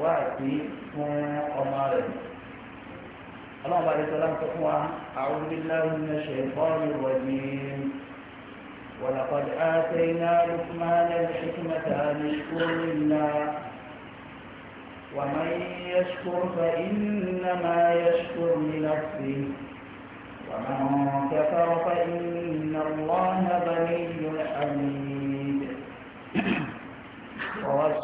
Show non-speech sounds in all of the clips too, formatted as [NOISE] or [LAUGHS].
wáàtí fún ọmọ rẹ̀ ọlọ́run bá lè sọ láti fún wa àwọn orílẹ̀-èdè ní ṣe fọ́ọ̀mù wọ̀nyí ولقد آتينا لقمان الحكمة أن اشكر لله ومن يشكر فإنما يشكر لنفسه ومن كفر فإن الله غني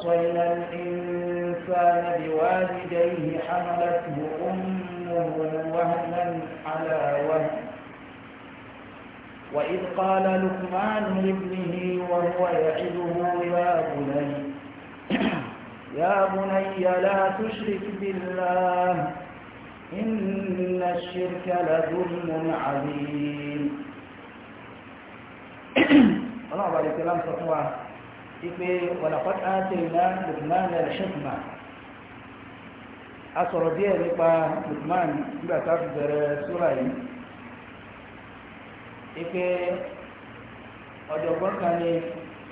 ووصينا الإنسان بوالديه حملته أمه وهنا على وهن وإذ قال لقمان لابنه وهو يعده يا بني [CLEARS THROAT] يا بني لا تشرك بالله إن الشرك لظلم عظيم [CLEARS THROAT] الله عليه وسلم ipe wàlàkọ́t àtẹ̀yìnà lukman al-hikma a sọ̀rọ̀ díẹ̀ nípa lukman nígbà tá a fi bẹ̀rẹ̀ súra yìí ipe ọ̀jọ̀gbọ́n kan ni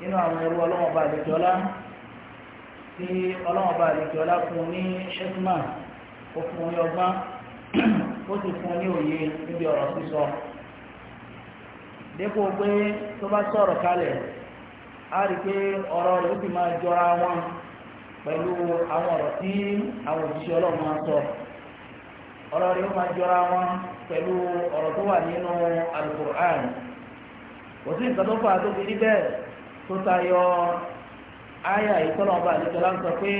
nínú àwọn ẹrú ọlọ́mọba àlejòọ́lá tí ọlọ́mọba àlejòọ́lá fún ní hikma ó fún ní ọgbọ́n ó sì fún ní òye níbi ọ̀rọ̀ sísọ dépò pé tó bá sọ̀rọ̀ kalẹ̀ a rí pé ọ̀rọ̀ rẹ̀ ó máa jọra wọn pẹ̀lú àwọn ọ̀rọ̀ tí àwọn òṣìṣẹ́ ọlọ́run máa sọ ọ̀rọ̀ rẹ̀ ó máa jọra wọn pẹ̀lú ọ̀rọ̀ tó wà nínú alukur'an kò sí nǹkan tó fà á tó fi rí bẹ́ẹ̀ tó tayọ aya ìtọ́nà ń sọ pé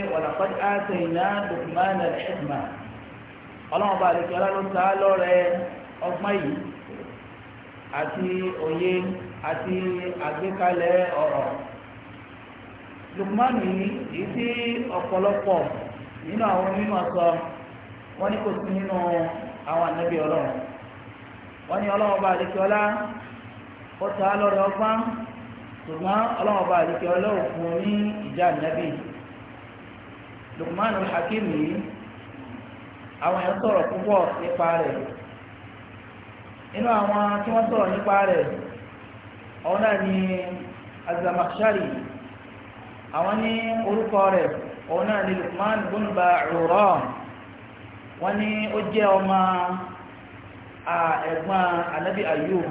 ló ta àti àgbékalẹ̀ ọ̀rọ̀ Lukman yìí èyí ọ̀pọ̀lọpọ̀ nínú àwọn mímọ̀ sọ wọ́n ní kò sí nínú àwọn ànábì ọlọ́run wọ́n ní ọlọ́run bá àdékè ó ta á lọ́rẹ̀ ọgbọ́n ṣùgbọ́n ọlọ́run bá àdékè ọlá òfin ní ìjà ànábì Lukman Hakim àwọn èèyàn sọ̀rọ̀ púpọ̀ nípa rẹ̀ nínú àwọn ọ̀hún náà ni az-Zamakhshari àwọn ní orúkọ rẹ̀ ọ̀hún náà ni Luqman bin Ba'ura wọ́n ní ó jẹ́ ọmọ ẹ̀gbọ́n anabi Ayub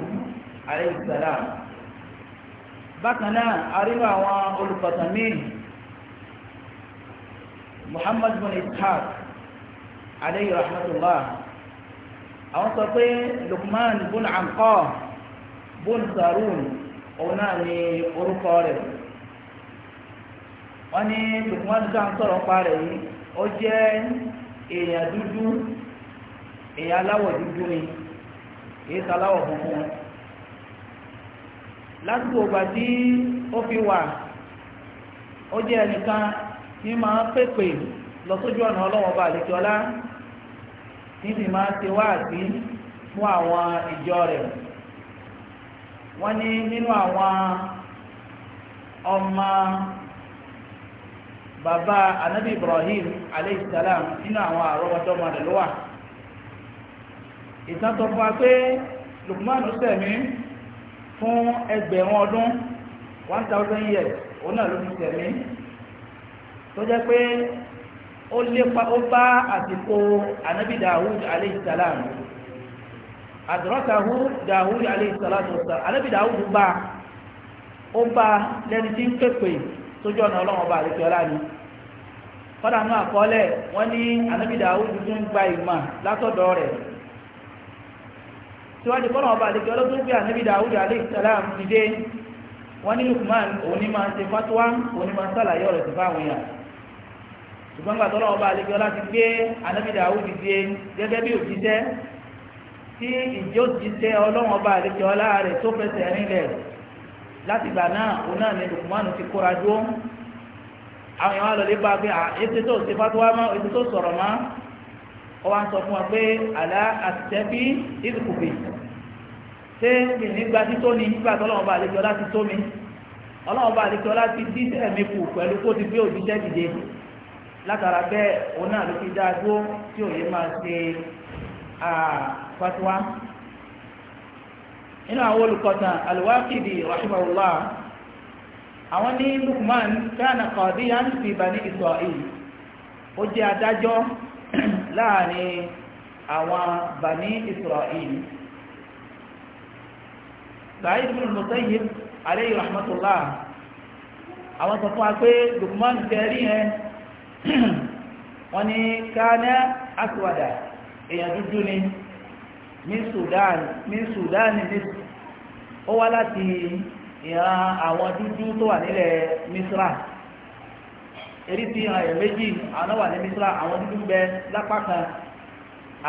alayhi salam bákan náà arínú àwọn olùkọ̀tàn míì Muhammad bin Ishaq alayhi rahmatullah àwọn sọ pé Luqman bin Anqa bin Sarun òun náà ni orúkọ rẹ̀ wọ́n ní Lukman ká ń sọ̀rọ̀ pa rẹ̀ yìí ó jẹ́ èèyàn dúdú èèyàn aláwọ̀ dúdú ni èyí sàláwọ̀ funfun lásìkò ìgbà tí ó fi wà ó jẹ́ ẹnìkan ní máa pèpè lọ sójú ọ̀nà ọlọ́wọ́n bá àlejò ọlá ní máa wọ́n ní nínú àwọn ọmọ bàbá anabi ibrahim aleyhisselam nínú àwọn àrọ́wọ́tọ́ ọmọ rẹ̀ ló wà ìtàn tó fún wa pé lukman sẹ̀mí fún ẹgbẹ̀rún ọdún one thousand years òun náà ló fi sẹ̀mí tó jẹ́ pé ó lépa ó bá àsìkò anabi dawud aleyhisselam àdúrọ́tàhù dàhùd aleyhisalatu wasalam alẹ́bí dàhùd bá ó bá lẹ́ni tí ń pèpè sójú ọ̀nà ọlọ́run ọba ọlá ni kọ́dà náà kọ́lẹ̀ wọ́n ní alẹ́bí dàhùd tó ń gba ìmọ̀ látọ̀dọ̀ rẹ̀ síwájú ọba alẹ́bí ṣe ṣùgbọ́n àlejò gbé gẹ́gẹ́ bí òjíṣẹ́ tí ìjó ti tẹ ọlọ́wọ́n ọba àlejò ọlá rẹ̀ tó fẹsẹ̀ rinlẹ̀ láti gbà náà òun náà ni lukumanu ti kóra dúró àwọn èèyàn wá lọ lé bá pé ètò tó ṣe fatuwa mọ́ ètò tó sọ̀rọ̀ mọ́ ọ wá ń sọ fún wa pé àlá àtẹ̀bí ìdìkùbì ṣé mi nígbà tító ni nígbà tó ọlọ́wọ́n ọba àlejò ọlá ti tó mi ọlọ́wọ́n ọba àlejò ọlá ti dí ẹ̀mí kù pẹ̀lú kó ti gbé òjíṣẹ́ dìde látara bẹ́ẹ̀ òun náà ló fi dá dúró tí òye máa ṣe fatuwa inú àwọn olùkọ́tàn alwaqidi rahimahullah àwọn ní lukman kana qadiyan fi bani isra'il ó jẹ́ adájọ́ [CLEARS THROAT] láàrin àwọn bani isra'il sa'id ibn al-musayyib alayhi rahmatullah àwọn sọ fún wa pé lukman kẹrí yẹn wọ́n ní kana aswada èèyàn dúdú ni min sudan min sudan misr ó wá láti ìran àwọn dúdú tó wà nílẹ̀ misra èrí ti hàn ẹ̀ méjì àwọn wà ní misra àwọn dúdú ń bẹ lápá kan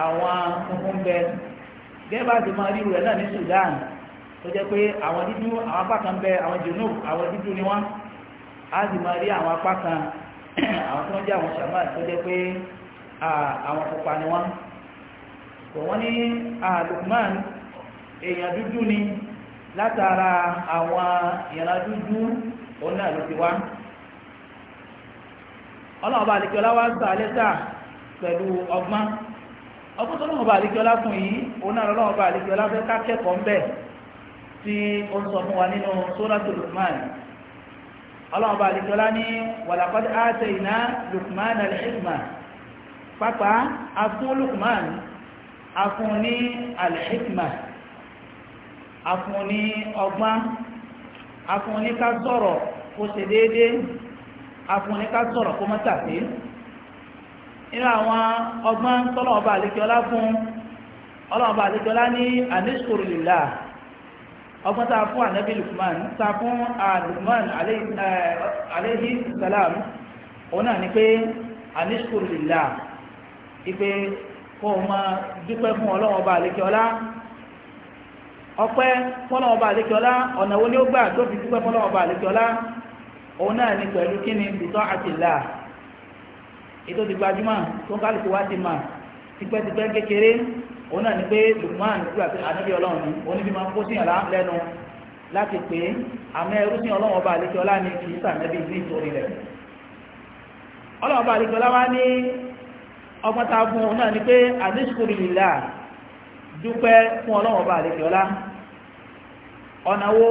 àwọn funfun ń bẹ gẹ́gẹ́ bá ti máa rí rẹ̀ náà ní sudan tó jẹ́ pé àwọn dúdú àwọn apá kan ń bẹ àwọn junub àwọn dúdú ni wọ́n á sì máa rí àwọn apá kan àwọn tó ń jẹ́ àwọn shamal tó jẹ́ pé àwọn pupa ni wọ́n wọ́n ní ah, Lukman èèyàn dúdú ni látara àwọn ìran dúdú òun náà ló ti wá ọlọ́run bá àlekí ọlá wá sà lẹ́sà pẹ̀lú ọgbọ́n ọgbọ́n tó lọ́wọ́ bá àlekí fún yìí òun náà lọ́wọ́ bá àlekí fẹ́ ká kẹ́kọ̀ọ́ ńbẹ̀ tí ó ń sọ fún wa nínú sóràtò Lukman ọlọ́run bá àlekí ní wàlàkọ́dé àtẹ ìná Lukman al-hikma pápá afún Lukman afun ní alhikma afun ní ọgbọ́n afun ní ká sọ̀rọ̀ kó ṣe déédé afun ní ká sọ̀rọ̀ kó má tàbí inú àwọn ọgbọ́n tọ́lọ̀ ọba àlekíọlá fún ọlọ́ọ̀bá àlekíọlá ní anishkurulila ọgbọ́n tá a fún ànábì lukman tá a fún lukman aleyhi eh, salam òun ni pé anishkurulila ipe fún ọmọ dúpẹ́ ọba àlékiọlá ọpẹ́ fọ́lọ́run ọba àlékiọlá ọ̀nà wo ni ó gbà tó fi dúpẹ́ ọba àlékiọlá òun náà ni pẹ̀lú kí ni bìtọ́ ètò ti gbajúmọ̀ tó ń wá ti mà tipẹ́tipẹ́ kékeré òun náà ni pé Lukman ọlọ́run ni òun máa ń ọba ni kì í sàmẹ́bí ní ìtòrí rẹ̀ ọba wá ní ọgbọ́n tá a fún un náà ni pé àdéṣukùrìlìlà dúpẹ́ fún ọlọ́wọ́n bá àlejò ọlá ọ̀nà wo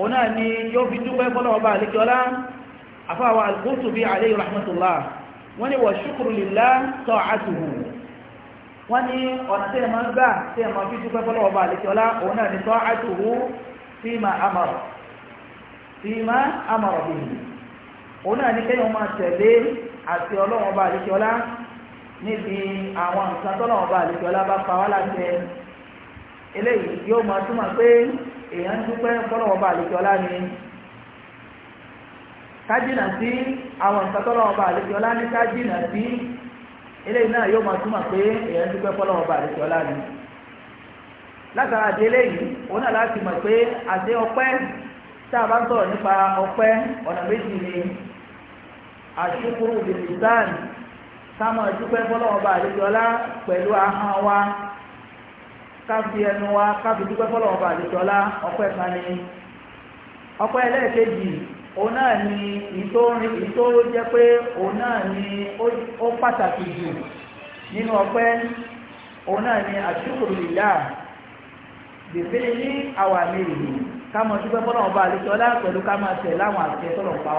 òun náà ni yóò fi dúpẹ́ fọlọ́wọ́n bá àlejò ọlá àfọwọ́ al-Qurtubi alayhi rahmatullah wọ́n ní wọ̀ ṣukùrìlìlà ta'atuhu wọ́n ní ọ̀nà tí ẹ máa ń gbà tí ẹ máa fi dúpẹ́ fọlọ́wọ́ àti ọlọ́wọ́n bá àlejò ọlá níbi àwọn nǹkan tọ́nà ọba àlejòọ́lá bá pa wá láṣẹ eléyìí yóò máa túmọ̀ pé èèyàn ń dúpẹ́ ọba àlejòọ́lá ni kájìnà sí àwọn nǹkan ọba àlejòọ́lá ní kájìnà sí eléyìí náà yóò máa túmọ̀ ọba ni látara àti eléyìí òun náà láti mọ̀ pé àti ọpẹ́ tá a bá ń ni káàmọ̀ dúpẹ́ fọlọ́wọ́n bá pẹ̀lú ahọ́n wa káfi ẹnu wa káfi dúpẹ́ fọlọ́wọ́n bá àlejò ọlá ọpẹ́ ẹlẹ́ẹ̀kejì òun náà ni ìtòrin jẹ́ pé òun náà ni ó pàtàkì jù nínú ọpẹ́ òun náà ni àṣùkùrù ìyá bèbèrè ní àwà mèrè káàmọ̀ dúpẹ́ fọlọ́wọ́n bá àlejò ọlá pẹ̀lú káàmọ̀ tẹ̀ láwọn àti ẹ̀tọ́ lọ́pàá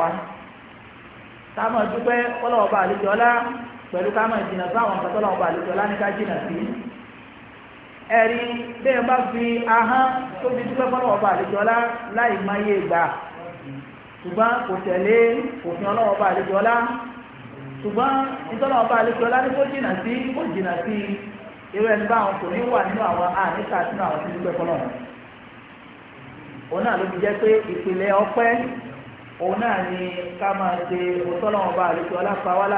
wa pẹ̀lú ká máa jìnà sáwọn nǹkan tó lọ́wọ́ bá àlejò láníká jìnà sí ẹ̀rí bẹ́ẹ̀ bá fi aha tó fi dúpẹ́ fọ́lọ́wọ́ bá ma láì gba. yé gbà ṣùgbọ́n kò tẹ̀lé òfin ọlọ́wọ́ bá àlejò ṣùgbọ́n ìtọ́lọ́wọ́ ní kó jìnà sí kó jìnà sí irú ẹni báwọn kò ní wà nínú àwọn àníkà sínú àwọn dúpẹ́ fọ́lọ́wọ́ òun náà ló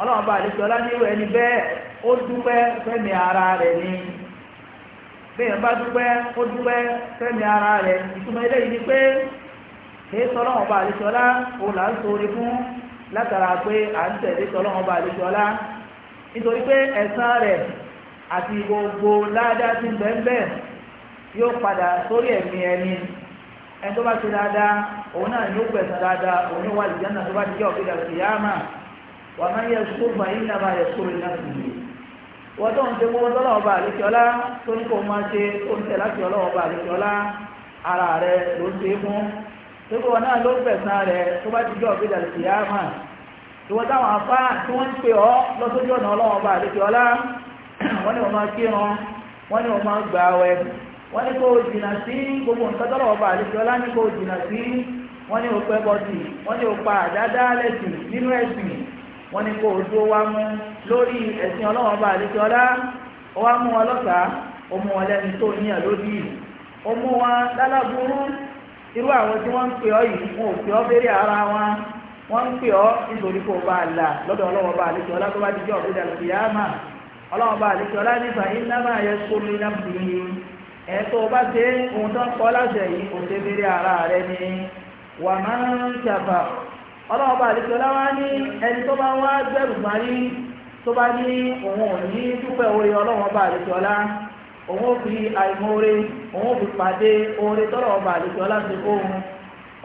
ọlọ́run bá àlejò ọlánírò ẹni bẹ́ẹ̀ ó dúpẹ́ fẹ́mi ara rẹ̀ ni bẹ́ẹ̀ bá dúpẹ́ ó dúpẹ́ fẹ́mi ara rẹ̀ ìtumọ̀ eléyìí ni pé kì í sọlọ́run ọba àlejò ọlá òun là ń sọ̀rọ̀ fún látara pé à ń tẹ̀lé sọlọ́run ọba àlejò ọlá nítorí pé ẹ̀san rẹ̀ àti gbogbo ládá ti bẹ́ẹ̀ yóò padà sórí ẹ̀mí ẹni ẹni tó bá ti dáadáa òun náà ni ó gbẹ̀san dáadáa òun ni ó wà lìjánà tó bá ti jẹ́ ọ̀gbẹ́dà wà máa ń yẹ sukúrù fún yín náà máa yẹ sukúrù yín náà fún yín wọ́n tó ń ṣe gbogbo tọ́lọ́wọ́ bá àlejò ọlá tó ní kó máa ṣe tó ń tẹ̀ láti ọlọ́wọ́ bá àlejò ọlá ara rẹ ló ṣe é fún gbogbo wọn náà ló ń fẹ̀sán rẹ tó bá ti jọ òbí dàlù sí yáàmà ìwọ táwọn afá tí wọ́n ń pè ọ́ lọ́sójú ọ̀nà ọlọ́wọ́ bá àlejò ọlá [CLEARS THROAT] wọ́n ní wọ́n máa kírun wọ́n ní wọ́n máa gbà wẹ̀ wọ́n ní kó jìnnà sí gbogbo nǹkan tọ́lọ́wọ́ bá àlejò wọ́n ní kó o dúró mú lórí ẹ̀sìn ọlọ́wọ́n bá mú wọn lọ́sàá ó mú wọn tó níyàn lórí ó mú wọn lálábúrú irú àwọn tí wọ́n ń pè wọn ò pè ọ́ béèrè ara wọn wọ́n ń pè ọ́ nítorí kó bá a là lọ́dọ̀ ọlọ́wọ́n bá ọlá tó bá ọ̀gbẹ́dà ọlọ́wọ́n bá ọlọ́ọ̀bá àdìsọ́lá wá ní ẹni tó bá wá gbẹ̀rù parí tó bá ní òun ò ní dúpẹ́ oore ọlọ́ọ̀bá àdìsọ́lá òun ò fi àìmọ́re òun ò fi pàdé oore tọ́lọ́ọ̀bá àdìsọ́lá ti fóun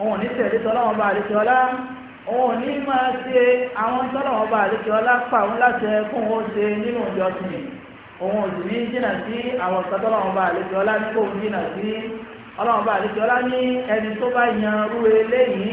òun ò ní tẹ̀lé tọ́lọ́ọ̀bá àdìsọ́lá òun ò ní máa ṣe àwọn tọ́lọ́ọ̀bá àdìsọ́lá pa òun láti ẹkún ó ṣe nínú ìjọsìn òun ò sì ní jìnà sí àwọn tọ́lọ́ọ̀bá àdìsọ́lá ní kóun jìnà sí ọlọ́ọ̀bá àdìsọ́lá ní ẹni tó bá yan rú eléyìí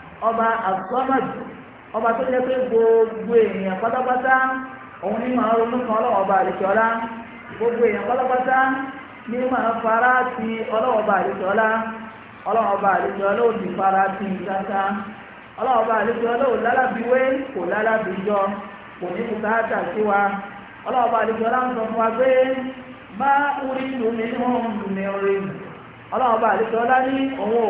ọba àtúwámàdù ọba tó jẹ́ pé gbogbo èèyàn pátápátá òun ní màá ronú kan ọlọ́wọ́ ọba àlejòọ́lá gbogbo èèyàn pátápátá ní màá fara ti ọlọ́wọ́ ọba àlejòọ́lá ọlọ́wọ́ ọba ò ní fara ti ìdáta ọlọ́wọ́ ọba àlejòọ́lá ò kò kò ní wa ọlọ́wọ́ ọba ń sọ fún wa pé má orí ń orí ọlọ́wọ́ ọba ní òun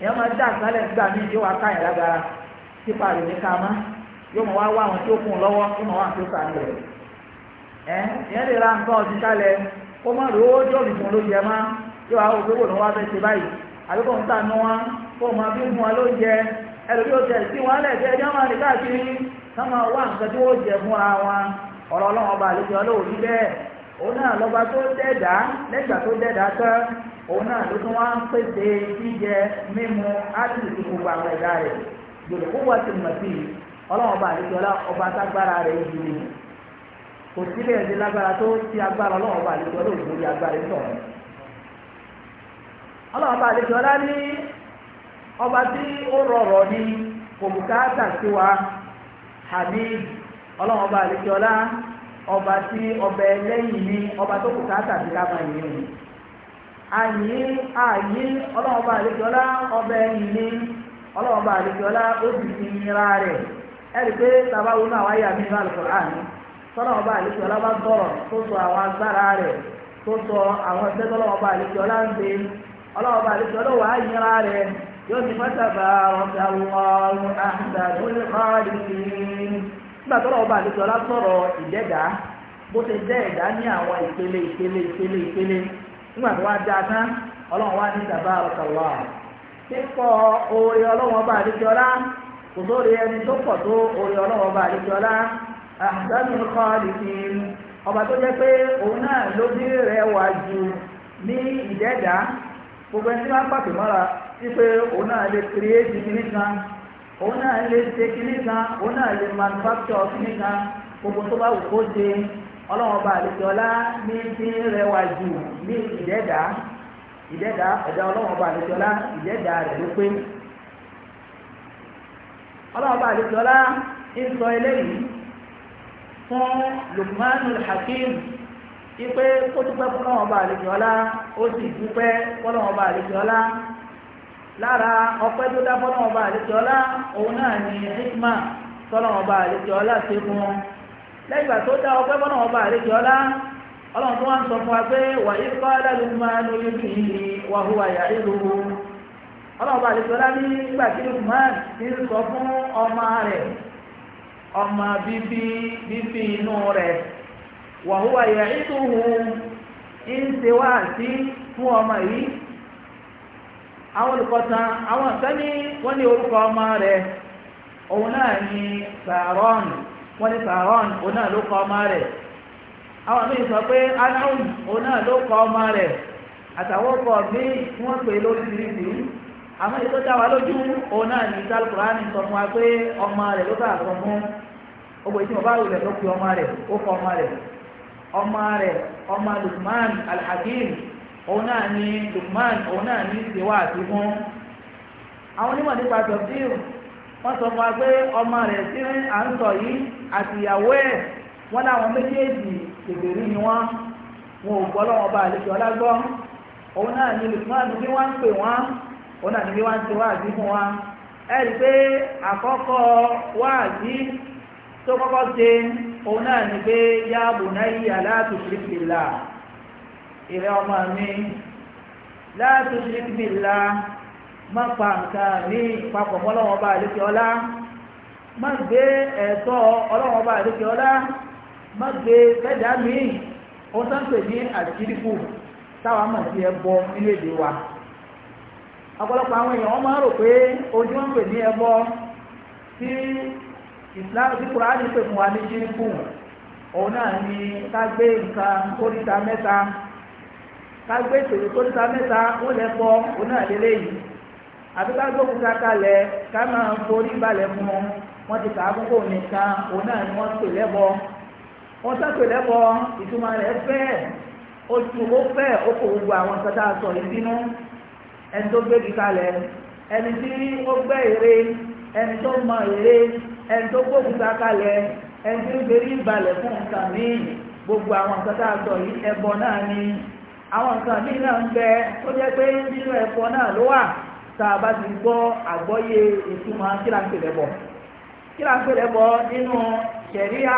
èèyàn máa dá àkálẹ̀ nígbà míì yóò wá káyàn lágara pípa ní yóò mọ̀ wá wá àwọn tí ó kún un lọ́wọ́ yóò mọ̀ wá àti ẹ̀ èèyàn lè ra nǹkan ọ̀sìn kalẹ̀ kó ó jọ̀bì fún má yóò wá wò ló wá ṣe báyìí àbí kò ń wọn kó bí fún ẹlòmí ó tẹ̀ sí wọn lẹ́ẹ̀kẹ́ ẹjọ́ máa káàkiri máa wá nǹkan tí ó jẹ òun náà ló tún wá ń pèsè jíjẹ mímu áṣìṣì gbogbo àwọn ẹ̀dá rẹ̀ kó ti sí i ọlọ́run ọba àdìsọ́lá ọba tágbára rẹ̀ yìí ni kò sí lágbára tó ti agbára ọlọ́run ọba àdìsọ́lá ògbórí agbára ìtọ̀ ọlọ́run ọba àdìsọ́lá ní ọba tí ó rọrọ̀ ní sí wa ọlọ́run ọba àdìsọ́lá ọba tí ọbẹ̀ lẹ́yìn ní ọba tó àyìn àyìn ọlọ́ọ̀bà àlejòọ́lá ọbẹ̀ ẹ̀yìn ni ọlọ́ọ̀bà àlejòọ́lá ó sì ti nira rẹ̀ ẹ̀rí pé tàbá wo náà wáyé àmì ìlú àlùkùránì tọ́lọ́ọ̀bà àlejòọ́lá bá tọ̀rọ̀ tó sọ àwọn agbára rẹ̀ tó sọ àwọn ẹgbẹ́ àlejòọ́lá ń àlejòọ́lá wà á nira rẹ̀ yóò ní àgbà nígbà tó wá dáa tán ọlọ́run wá ní ìjàmbá ọ̀kọ̀lọ́ kíkọ oore ọlọ́run ọba àdéjọ́lá kò sóore ẹni tó pọ̀ tó oore ọlọ́run ọba àdéjọ́lá àdánù ọba tó jẹ́ pé òun náà ló bí rẹ̀ wá ju ní ìdẹ́dá gbogbo ẹni tí wọ́n mọ́ra pé òun náà lè ọlọ́run ọba àlejòọlá ní ti rẹwà jù ní ìdẹ́dà ìdẹ́dà ẹ̀dá ọlọ́run ọba àlejòọlá ìdẹ́dà rẹ̀ ló pé ọlọ́run ọba àlejòọlá ń sọ eléyìí fún Luqmanul Hakim ipe kó dúpẹ́ fọlọ́run ọba àlejòọlá ó sì dúpẹ́ fọlọ́run ọba àlejòọlá lára ọpẹ́ tó dá fọlọ́run ọba àlejòọlá òun náà ní hikma fọlọ́run ọba àlejòọlá ṣe fún wọn. lẹ́gbàá tó dá ọpẹ́ bọ́nà ọba àlejò ọlá ọlọ́run tó wá ń sọ fún wa wà ìfọ́ ọba fún ọmọ yìí àwọn àwọn ní wọ́n ní orúkọ ọmọ rẹ̀ òun náà wọ́n ní sàrọ́n òun náà ló kọ ọmọ rẹ̀ àwọn míì sọ pé anáhùn òun náà ló kọ ọmọ rẹ̀ àtàwọn ọkọ míì tí wọ́n pè lóríṣiríṣi àmọ́ ètò dá wa lójú òun náà ní sálùkùránì sọ fún wa pé ọmọ rẹ̀ ló bá sọ fún ogbè tí mo bá wulẹ̀ ló pe ọmọ rẹ̀ ó kọ ọmọ rẹ̀ ọmọ rẹ̀ ọmọ Lukman Al-Hakim ní Lukman òun ní ìṣèwà àti fún àwọn onímọ̀ nípa tọ̀síù wọ́n sọ fún wa pé ọmọ rẹ̀ tí à ń sọ yìí àti ìyàwó ẹ̀ wọ́n láwọn méjèèjì ìbèrè ni wọ́n wọn ò gbọ́ lọ́wọ́ ọba àlejò ọlágbọ́ òun náà ní lùsùmáàdù bí wọ́n ń pè wọ́n òun náà ní bí wọ́n ń ṣe wáàdí fún wa ẹ rí pé àkọ́kọ́ wáàdí tó kọ́kọ́ ṣe òun náà ní pé yá bunayya la tushrik billah ìrẹ́ ọmọ mi la tushrik billah. ma pa nka ní papọ̀ mọ́ ọba àlékè ọlá gbe gbé ẹ̀tọ́ ọba àlékè ọlá gbe gbé fẹ́dà míì ó tán pè ní àṣírìkù táwa mọ̀ sí ẹbọ nínú èdè wa ọ̀pọ̀lọpọ̀ àwọn èèyàn wọ́n máa ń rò pé ojú wọn pè ní ẹbọ tí Islam tí pè fún wa àbí ká gbókùtà kalẹ̀ ká máa forí balẹ̀ fún wọ́n ti kàá kókó nìkan òun náà ni wọ́n pè lẹ́bọ wọ́n sá lẹ́bọ ìtumọ̀ rẹ̀ fẹ́ oṣù ó fẹ́ ó kò gbogbo àwọn nǹkan a sọ yìí sínú ẹni tó gbégi kalẹ̀ ẹni tí ó gbẹ́ ère ẹni tó mọ ère ẹni tó kalẹ̀ ẹni tí ó gbérí gbogbo àwọn nǹkan a sọ yìí ẹbọ náà ni àwọn nǹkan náà ń bẹ tá a bá ti gbọ́ àgbọ́yé ìtumọ̀ kíláńpẹ̀lẹ́bọ̀ kíláńpẹ̀lẹ́bọ̀ nínú ṣẹ̀ríà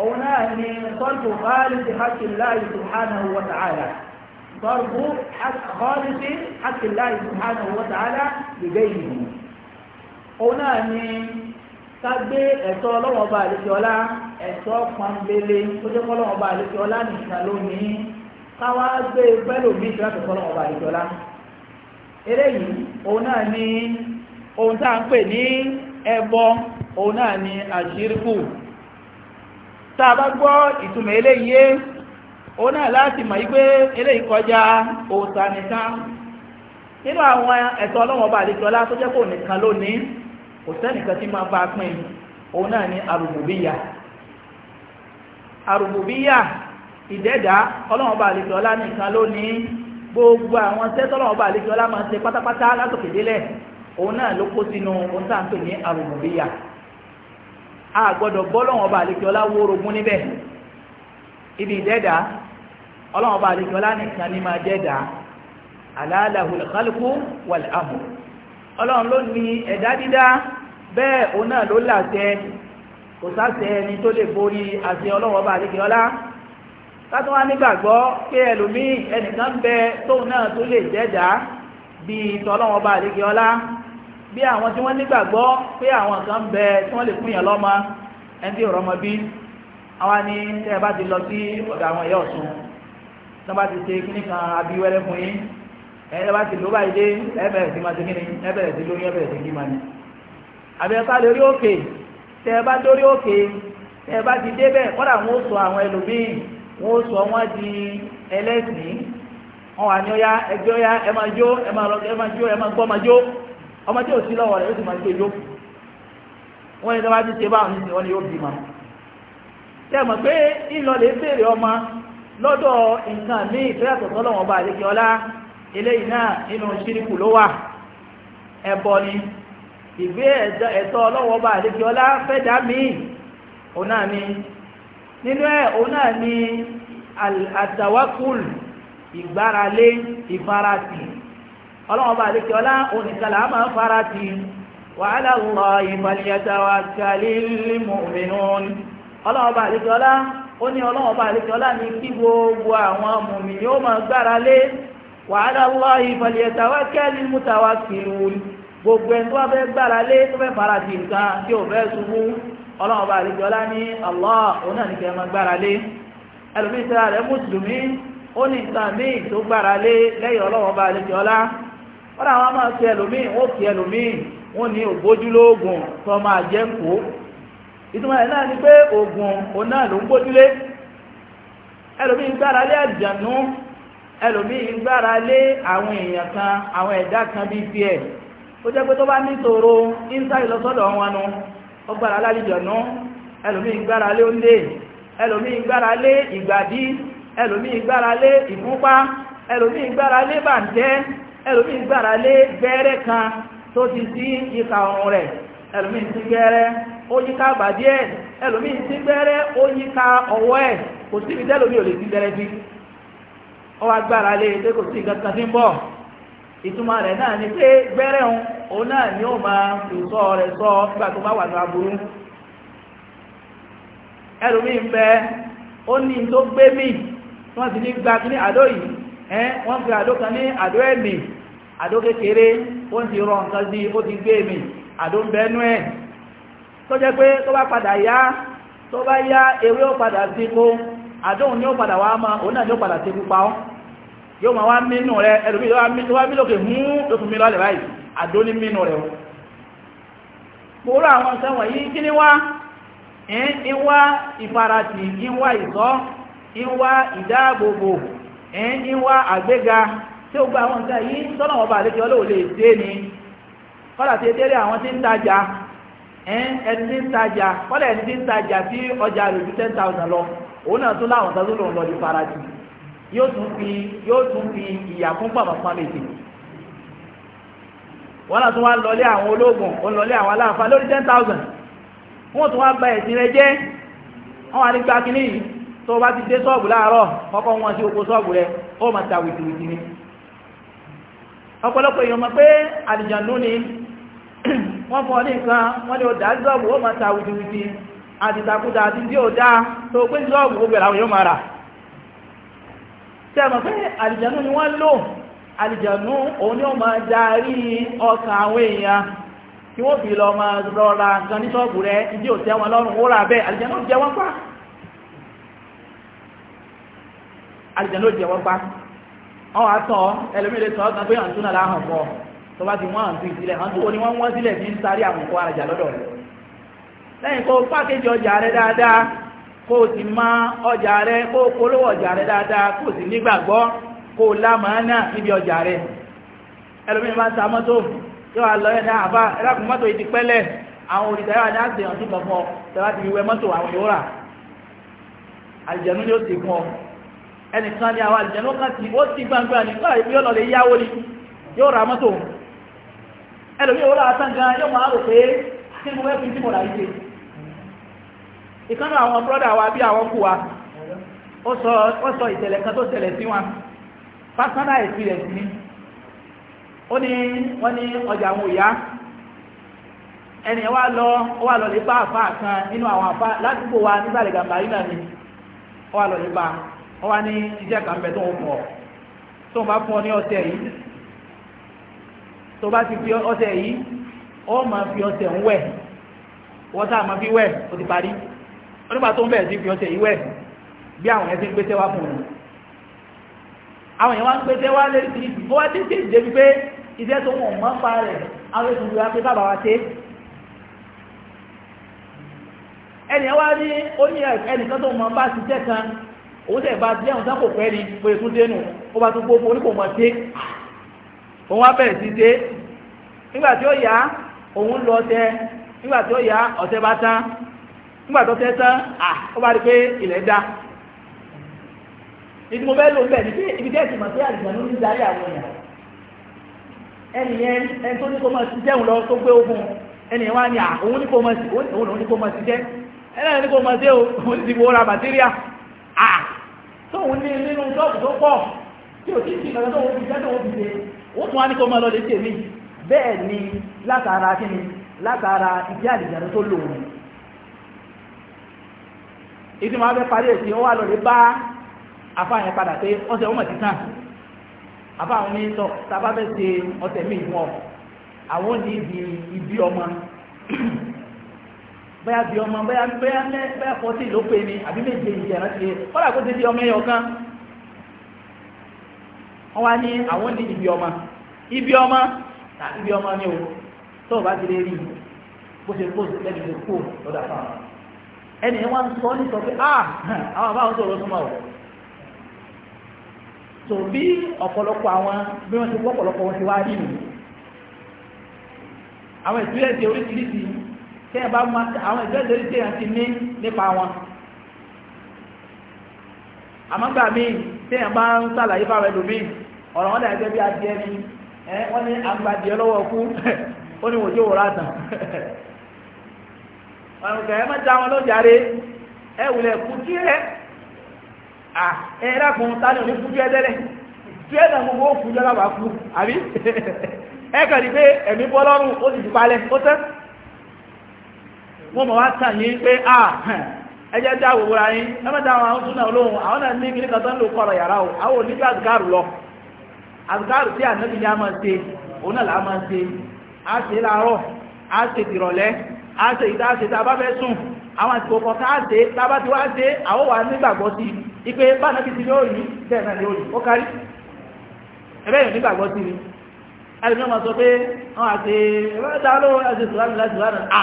òun náà ni tọ́lùkù kọ́lùsì hakiláyì subhanahu wa ta'ala tọ́lùkù kọ́lùsì hakiláyì subhanahu wa ta'ala gbígbé ìlú òun náà ni ká gbé ẹ̀tọ́ ọlọ́wọ́ bá àlejò ọlá ẹ̀tọ́ pọnbélé tó jẹ́ kọ́lọ́wọ́ bá àlejò ọlá nìkan lónìí káwá gbé pẹ́lú mi ìṣẹ́ eléyìí òun náà ni ohun tá ń pè ní ni àṣírkù tá a bá gbọ́ ìtumọ̀ eléyìí òun náà láti mọ̀ wípé eléyìí kọjá òòtà nìkan nínú àwọn ẹ̀tọ́ ọlọ́wọ́ bá àdéjọlá tó jẹ́ loni nìkan lónìí kò sẹ́nìkan tí máa bá ni àrùbùbíyà àrùbùbíyà ìdẹ́dà ọlọ́wọ́ bá àdéjọlá nìkan gbogbo àwọn tẹ́tọ́lọ̀ ọba àlejò ọlá máa ń ṣe pátápátá látòkè délẹ̀ òun náà ló kó sínú ohun tá à ń pè ní àrùnmọ̀bíyà a gbọ́dọ̀ bọ́ lọ́wọ́ ọba àlejò ọlá wó orogún níbẹ̀ ibi ìdẹ́dà ọlọ́wọ́ ọba àlejò ọlá nìkan ní máa dẹ́dà aláàlàhùn kálukú wàlẹ̀ àmù ọlọ́run ló ní ẹ̀dá dídá bẹ́ẹ̀ òun náà ló láṣẹ kò sáṣẹ ẹni tó lè borí àṣẹ ọlọ́wọ́ ọba àlejò ọlá látọ́ wá nígbàgbọ́ pé ẹlòmíì ẹnìkan bẹ tóun náà tó lè jẹ́jà bíi tọ́lọ́wọ́n bá ọlá bí àwọn tí wọ́n nígbàgbọ́ pé àwọn kan bẹ tí wọ́n lè fún yàn lọ́mọ ẹni tí ọ̀rọ̀ ọmọ bí àwa ni tẹ́ ẹ bá ti lọ sí ọ̀dọ̀ àwọn ẹ̀yà ọ̀sùn tí wọ́n bá ti ṣe kíní kan abíwẹ́rẹ́ fún yín ẹ bá ti lò báyìí dé ẹ bẹ̀rẹ̀ sí máa ṣe kíni ẹ bẹ̀rẹ̀ sí lóyún ẹ bẹ̀rẹ̀ sí kí máa ní. àbí ẹ bá lórí òkè tẹ́ ẹ bá dórí òkè tẹ́ ẹ bá ti débẹ̀ kọ́dà wọn ó sọ àwọn ẹlòmíì wọ́n sọ wọ́n di ẹlẹ́sìn wọ́n wà ní ọya ẹgbẹ́ ọya ẹ máa jó ẹ máa lọ́gbẹ́ ẹ máa jó ẹ máa gbọ́ máa jó ọmọ tí ò sí lọ́wọ́ rẹ̀ ó sì máa gbé jó wọ́n ní dábàá ti ṣe báwọn nísìnyí wọ́n ní yóò bímọ. ṣé ẹ mọ̀ pé ìlọlẹ̀ béèrè ọmọ lọ́dọ̀ nǹkan míì ìfẹ́yàtọ̀ sọ́lọ́wọ́n bá àdékè ọlá eléyìí náà nínú ṣíríkù ló wà ẹ̀bọ ni ìgbé ẹ̀tọ́ ọlọ́wọ́ bá àdékè ọlá fẹ́ dá míì òun náà ni nínú ẹ̀ òun náà ni àtàwákùl ìgbáralé ìfarasì ọlọ́wọ́n bá lè kíọ́lá oníkàlà á máa farasì wa ala Allahi falyatawakkalil mu'minun ọlọ́wọ́n bá lè kíọ́lá ó ní ọlọ́wọ́n bá lè kíọ́lá ní kí gbogbo àwọn mùmìnì ó máa gbáralé wa ala Allahi falyatawakkalil mutawakkilun gbogbo ẹni tó bá fẹ́ gbáralé tó fẹ́ farasì nǹkan tí ò fẹ́ ṣubú ọlọ́run bá àlejò ọlá ní Allah òun náà ní kẹ́ máa gbára lé ẹlòmíì tí rẹ̀ mùsùlùmí ó ní nǹkan míì tó gbára lé lẹ́yìn ọlọ́run bá àlejò ọlá wọ́n náà wọ́n máa fi ẹlòmíì wọ́n fi ẹlòmíì wọ́n ní ògbójúlógún tó máa jẹ́ ń kó ìtumọ̀ ẹ̀ náà ni pé ògùn òun náà ló ń gbójúlé ẹlòmíì gbára lé àjànú ẹlòmíì gbára lé àwọn èèyàn kan àwọn ẹ̀dá kan bíi tiẹ̀ ó jẹ́ pé tó bá níṣòro inside lọ wọn nu ó gbára lálejọ̀nú ẹlòmí gbára lé oúnjẹ ẹlòmí gbára lé ìgbàdí ẹlòmí gbára lé ìfúnpá ẹlòmí gbára lé bàǹtẹ́ ẹlòmí gbára lé gbẹ́rẹ́ kan tó ti sí ìka ọrùn rẹ̀ ẹlòmí ti gbẹ́rẹ́ ó yíká àgbàdí ẹ̀ ẹlòmí ti gbẹ́rẹ́ ó yíká ọwọ́ ẹ̀ kò síbi tẹ́lòmí ò lè ti gbẹ́rẹ́ bí ó wá gbára lé pé kò sí ìgbà tí ń bọ̀ ìtumọ̀ rẹ̀ náà ni pé gbẹ́rẹ̀ òun òun náà ni ó máa sọ rẹ̀ sọ nígbà tó bá wà ní aburú ẹlòmíì ń bẹ ó ní tó gbé gba ní àdó yìí ẹ́ wọ́n fi àdó kan ní àdó ẹ̀mì àdó kékeré ti rọ nǹkan sí ó ti gbé mi àdó ń bẹ nú ẹ̀ tó jẹ́ pé tó bá padà yá tó bá yá ewé ó padà sí kó ni ó padà wá yóò ma wá mínú rẹ ẹlòmí tó wá mílòkè hún tó fún mi lọ́lẹ̀ báyìí àdó mínú rẹ gbogbo àwọn sẹ́wọ̀n yìí kí ni wá tí ó àwọn ni tí ń tajà ẹni tí ń tajà kọ́lá ẹni tí ń tajà ọjà rẹ̀ 10,000 lọ òun náà tún láwọn tó lòun yóò tún fi yóò tún fi ìyà fún bàbá pàmìtì wọ́n náà tún wá lọlé àwọn ológun òun lọlé àwọn aláàfáà lórí ten thousand wọ́n tún wá gba ẹ̀sìn rẹ jẹ́ wọ́n wá ní gba kínní yìí tó bá ti dé ṣọ́ọ̀bù láàárọ̀ kọ́kọ́ wọn sí oko ṣọ́ọ̀bù rẹ ó máa ta wìtìwìtì ni ọ̀pọ̀lọpọ̀ èèyàn mọ̀ pé àlìjànú ni [CLEARS THROAT] wọ́n fún ọ ní nǹkan wọ́n ní ọ̀dà ṣọ́ọ̀bù ó máa ta wìtìwìtì àtìtàkùdà àti tí ò dáa tó pé ṣọ́ọ̀bù gbogbo àwọn èèyàn tí a mọ̀ pé ni wọ́n lò àlìjànú òun ni ó máa darí àwọn èèyàn tí wọ́n fi lọ máa rọra nǹkan ní rẹ ìdí ò lọ́rùn ó rà bẹ́ẹ̀ jẹ wọ́n pa àlìjànú jẹ wọ́n pa wọ́n wá tán ẹlòmílẹ̀ pé àǹtún náà láhàn òní wọ́n wọ́n sílẹ̀ fi ń àwọn lọ́dọ̀ rẹ̀ lẹ́yìn kó kó o ti má ọjà rẹ kó o ọjà rẹ dáadáa kó sì nígbàgbọ́ kó lámàá náà níbi ọjà rẹ ẹlòmíràn bá ń mọ́tò yóò wá lọ ẹ̀dá àbá ẹlẹ́kùn mọ́tò yìí ti pẹ́lẹ̀ àwọn olùdarí àdá ni ó ti ẹnìkan ni àwọn kan ti ó ti gbangba ní kọ́ra ibi lè yáwó ni yóò ra mọ́tò ìkànnà àwọn brọ́dà wa bí àwọn kù wa ó sọ kan tó ṣẹlẹ̀ sí wọn personal experience ni ó ní wọ́n ní ọjà àwọn òyá ẹni wá lọ wá lọ kan nínú àwọn wa nígbàlẹ̀ gàmbà ni wọ́n fi ti parí onígbà tó ń bẹ̀rẹ̀ sí fi ọṣẹ ìwẹ̀ bí àwọn yẹn ti ń pèsè wá fún un àwọn yẹn wá ń pèsè wá lé sí ibi ó wá dé sí ìdè wípé iṣẹ́ tó wọ̀n mọ́ pa rẹ̀ àwọn ètò ìwé apẹ́ bàbá wa ṣe ẹni ẹ wá ní ó ní ẹnìkan tó mọ bá ṣiṣẹ́ kan òun tẹ̀ bá jẹun sápò pẹ́ ni pé tún dénú ó bá tún gbogbo oníkò mọ̀ ṣe òun wá bẹ̀rẹ̀ sí ṣe nígbà tí ó yá òun lọ ọṣẹ nígbà ó yá ọṣẹ bá tán nígbà tó tẹ́ tán à ó bá rí pé ilẹ̀ dá ìdí mo fẹ́ lò bẹ́ẹ̀ ní pé ibi tẹ́ẹ̀sì mọ̀ sí àlùjá ló ń darí àwọn èèyàn ẹnì yẹn ẹni tó ní kó máa ti jẹun lọ tó gbé ogun ẹnì yẹn wá ní à òun ní kó máa ti òun ní kó máa ti jẹ ẹnì yẹn kó máa dé o òun ti wo ra bàtíríà à tóun ní nínú ṣọ́ọ̀bù tó pọ̀ tí o ti ti ìgbàlódé òun fi jẹ́ tóun fi ṣe ó tún wá ní kó máa lọ lè tèmi bẹ́ẹ̀ ni látara kí ni látara ìdí àlùjá tó lò wọ́n ìdí ma fẹ́ parí èsì ó wà lọ rí bá afáàyàn padà pé ti tàn afáàwọn ní sọ tábà ṣe ọ̀sẹ̀ míì ibi ibi ọmọ [CLEARS THROAT] bi bí ọmọ bóyá bóyá bóyá fọtí ló pè ní àbí méje ìjẹ rántí kọ́lá kó ti di ọmọ kan wọ́n ibi ọmọ ibi ọmọ na ibi ọmọ ni o tó o bá ti lè rí bó ṣe kó lẹ́nu lè ẹni wọ́n sọ ní sọ pé ah àwọn àbáwọn sọ̀rọ̀ súnmọ́ ọ̀ tó bí ọ̀pọ̀lọpọ̀ àwọn bí wọ́n ti wọ́ ọ̀pọ̀lọpọ̀ wọn ti wá rí nù àwọn ìpínlẹ̀ oríṣiríṣi tí ẹ bá máa àwọn ìpínlẹ̀ oríṣiríṣi yẹn ti ní nípa wọn àmọ́gbà míì tí ẹ bá ń sàlàyé fáwọn ẹlòmíì ọ̀rọ̀ wọn dàgbẹ́ bí adìẹ ni wọ́n ní àgbàdìẹ lọ́wọ́ kú [LAUGHS] ó ní wòjó wòrán tàn [LAUGHS] ọ̀gá ẹ má já wọn lójàre ẹ wùlẹ̀ kú tí ẹ ẹ rákun tánà ní fújú ẹdẹ́lẹ̀ tí ẹ náà gbogbo fújú ọlọ́wà fú àbí [LAUGHS] ẹ kàn ní pé ẹ̀mí bọ́ lọ́rùn ó sì dùpalẹ̀ ó tẹ́ wọ́n mọ̀ wá tàn yín pé à ẹjẹ́ dá àwòrán ara yín ẹ má dá àwọn àwọn súnà olóhùn àwọn náà ní kí nìkan tó ń lò kọ̀rọ̀ yàrá o àwọn oníjú àzùkárù lọ àzùkárù tí ànábì àṣẹ ìdáṣẹ tá a bá fẹ́ sùn àwọn àsìkò kan tá a ṣe tá a bá ti wá ṣe àwọn wà nígbàgbọ́ sí i pé báńdà bí ti ní òòyì bẹ́ẹ̀ náà ní òòyì ó kárí ẹ̀bẹ́ yìí nígbàgbọ́ sí i ẹ̀rìn ọmọ sọ pé wọ́n àti ẹ̀rọ̀dá ló ẹ̀sẹ̀ sùhánù láti sùhánù à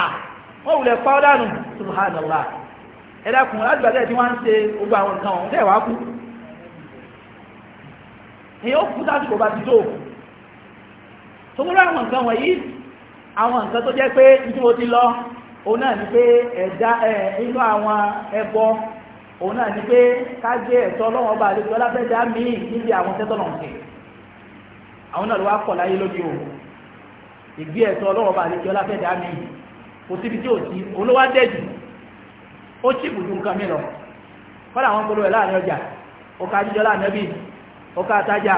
wọ́n wùlẹ̀ pàwọ́dánù sùhánàlá ẹ̀dàkùn láti bàtẹ́ tí wọ́n ń ṣe gbogbo àwọn nǹkan wọn tẹ́ẹ̀ wá kú ni ó kú sásìkò bá ti tó tòmúrò àwọn nǹkan wọ̀nyí àwọn nǹkan tó jẹ́ pé ibi mo ti lọ òun náà ni pé ẹ̀dá ẹ̀ inú àwọn ẹbọ òun náà ni pé ká gbé ẹ̀tọ́ ọlọ́wọ́n ọba àlejò ọláfẹ́dá míì níbi àwọn tẹ́tọ́ náà ṣe àwọn náà ló wá pọ̀ láyé lóde o ìgbé ẹ̀tọ́ ọlọ́wọ́n ọba àlejò ọláfẹ́dá míì kò síbi tí ò sí olówó dẹ́jù ó sì bùdú nǹkan mi lọ kọ́lá àwọn polówó ẹ̀ láàrin ọjà ọkà jíjọ láàrin ẹbí ọkà àtajà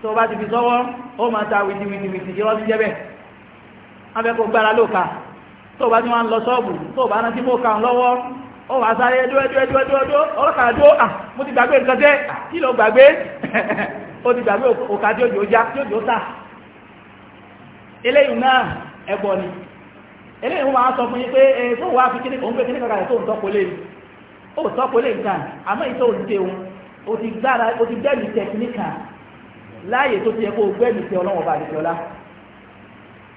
tó o bá ti fi sọ́wọ́ ó máa ta wìdìwìdìwìdì yọ́ sí afẹ́kọ̀ọ́ gbára lóka tó bá tí wọ́n lọ sọ́ọ̀bù tó bá rántí mọ́ kàún lọ́wọ́ ó wà sáré dúẹ́dúẹ́dúẹ́dúẹ́dú ọlọ́kàájó à mo ti gbàgbé nǹkan jẹ́ kí ló gbàgbé [LAUGHS] ó ti gbàgbé òkà tí ó jò já tí ó jò tà eléyìí náà ẹbọ ni eléyìí wọ́n máa sọ fún yín pé eh, tó wà fi kíní òun pé kíní kankan tó ń tọ́kọ lé ó tọ́kọ lé nǹkan àmọ́ ìtò òun ti òun ó ti gbára ó ti gbẹ́mìí tẹ̀ kíní kan láàyè tó ti yẹ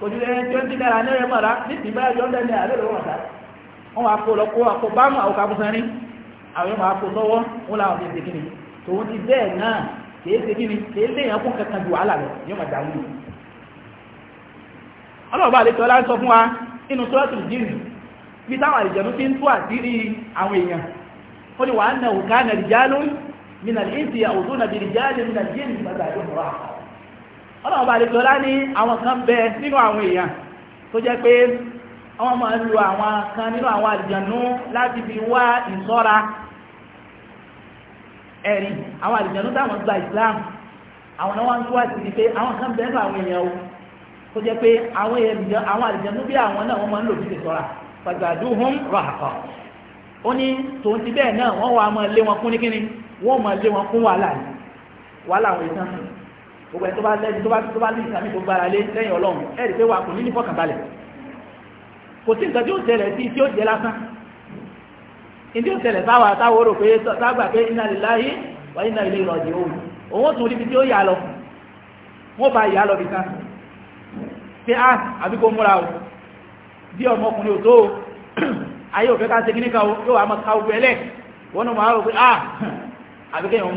ojú ẹni twenty naira ní ẹ̀yẹ mọ̀ra ní ti báyìí ọ̀dẹ́ ní àlẹ́ ìwọ̀n ọ̀tá wọn wá kó lọ́kọ́ àpò bámu àwọn kabusan ní àwọn yóò máa kó lọ́wọ́ wọn làwọn fi ṣèkíni tòun ti bẹ́ẹ̀ náà kìí ṣèkíni kìí léèyàn fún kankan ju wàhálà lọ yóò máa dàrú yìí. ọlọ́ọ̀bá àlejò ọlá ń sọ fún wa inú sọ́ọ̀tù jíìnì bí táwọn àlejò ti ń tú àṣírí àwọn èèyàn ó ní wàá nà òkà nà rìjálù mí nà lè ń ti àwòrán nà bìrìjálù mí nà jíìnì ọlọ́ọ̀bá àdìsọ́lá ní àwọn kan bẹ nínú àwọn èèyàn tó jẹ́ pé wọ́n máa lu àwọn kan nínú àwọn àlìjànú láti fi wá ìṣọ́ra ẹ̀rí àwọn àlìjànú táwọn gba Islam àwọn náà wọ́n ń túwà sí ni pé àwọn kan bẹ nínú àwọn èèyàn o tó jẹ́ pé àwọn àlìjànú bí àwọn náà wọ́n máa ń lò sí ìṣọ́ra fàgbàdúhùn ràkọ̀ ó ní tòun ti bẹ́ẹ̀ náà wọ́n wà máa lé wọn fún ní kíni wọ́n máa lé wọn fún wàhálà yìí wàhálà àwọn ìtàn gbogbo ẹni tó bá lẹ́ni tó bá tó bá ní ìsàmì tó gbára lé lẹ́yìn ọlọ́run ẹ̀rì pé wà kò ní ní fọkànbalẹ̀ kò sí nǹkan tí ó tẹ̀lẹ̀ sí tí ó jẹ́ lásán ìdí ó tẹ̀lẹ̀ sáwà táwọn rò pé ságbà pé iná lè láyé wà iná ilé ìrọ̀jì òun òun tún níbi tí ó yà lọ wọ́n bá yà lọ bí kan pé á ah, àbí kó múra o bí ọmọkùnrin ò tó o [CLEARS THROAT] ayé òfẹ́ ká ṣe kíníkan o yóò wà á mọ ká gbogbo ẹlẹ́ wọ́n náà máa rò pé á ah, àbí kéèyàn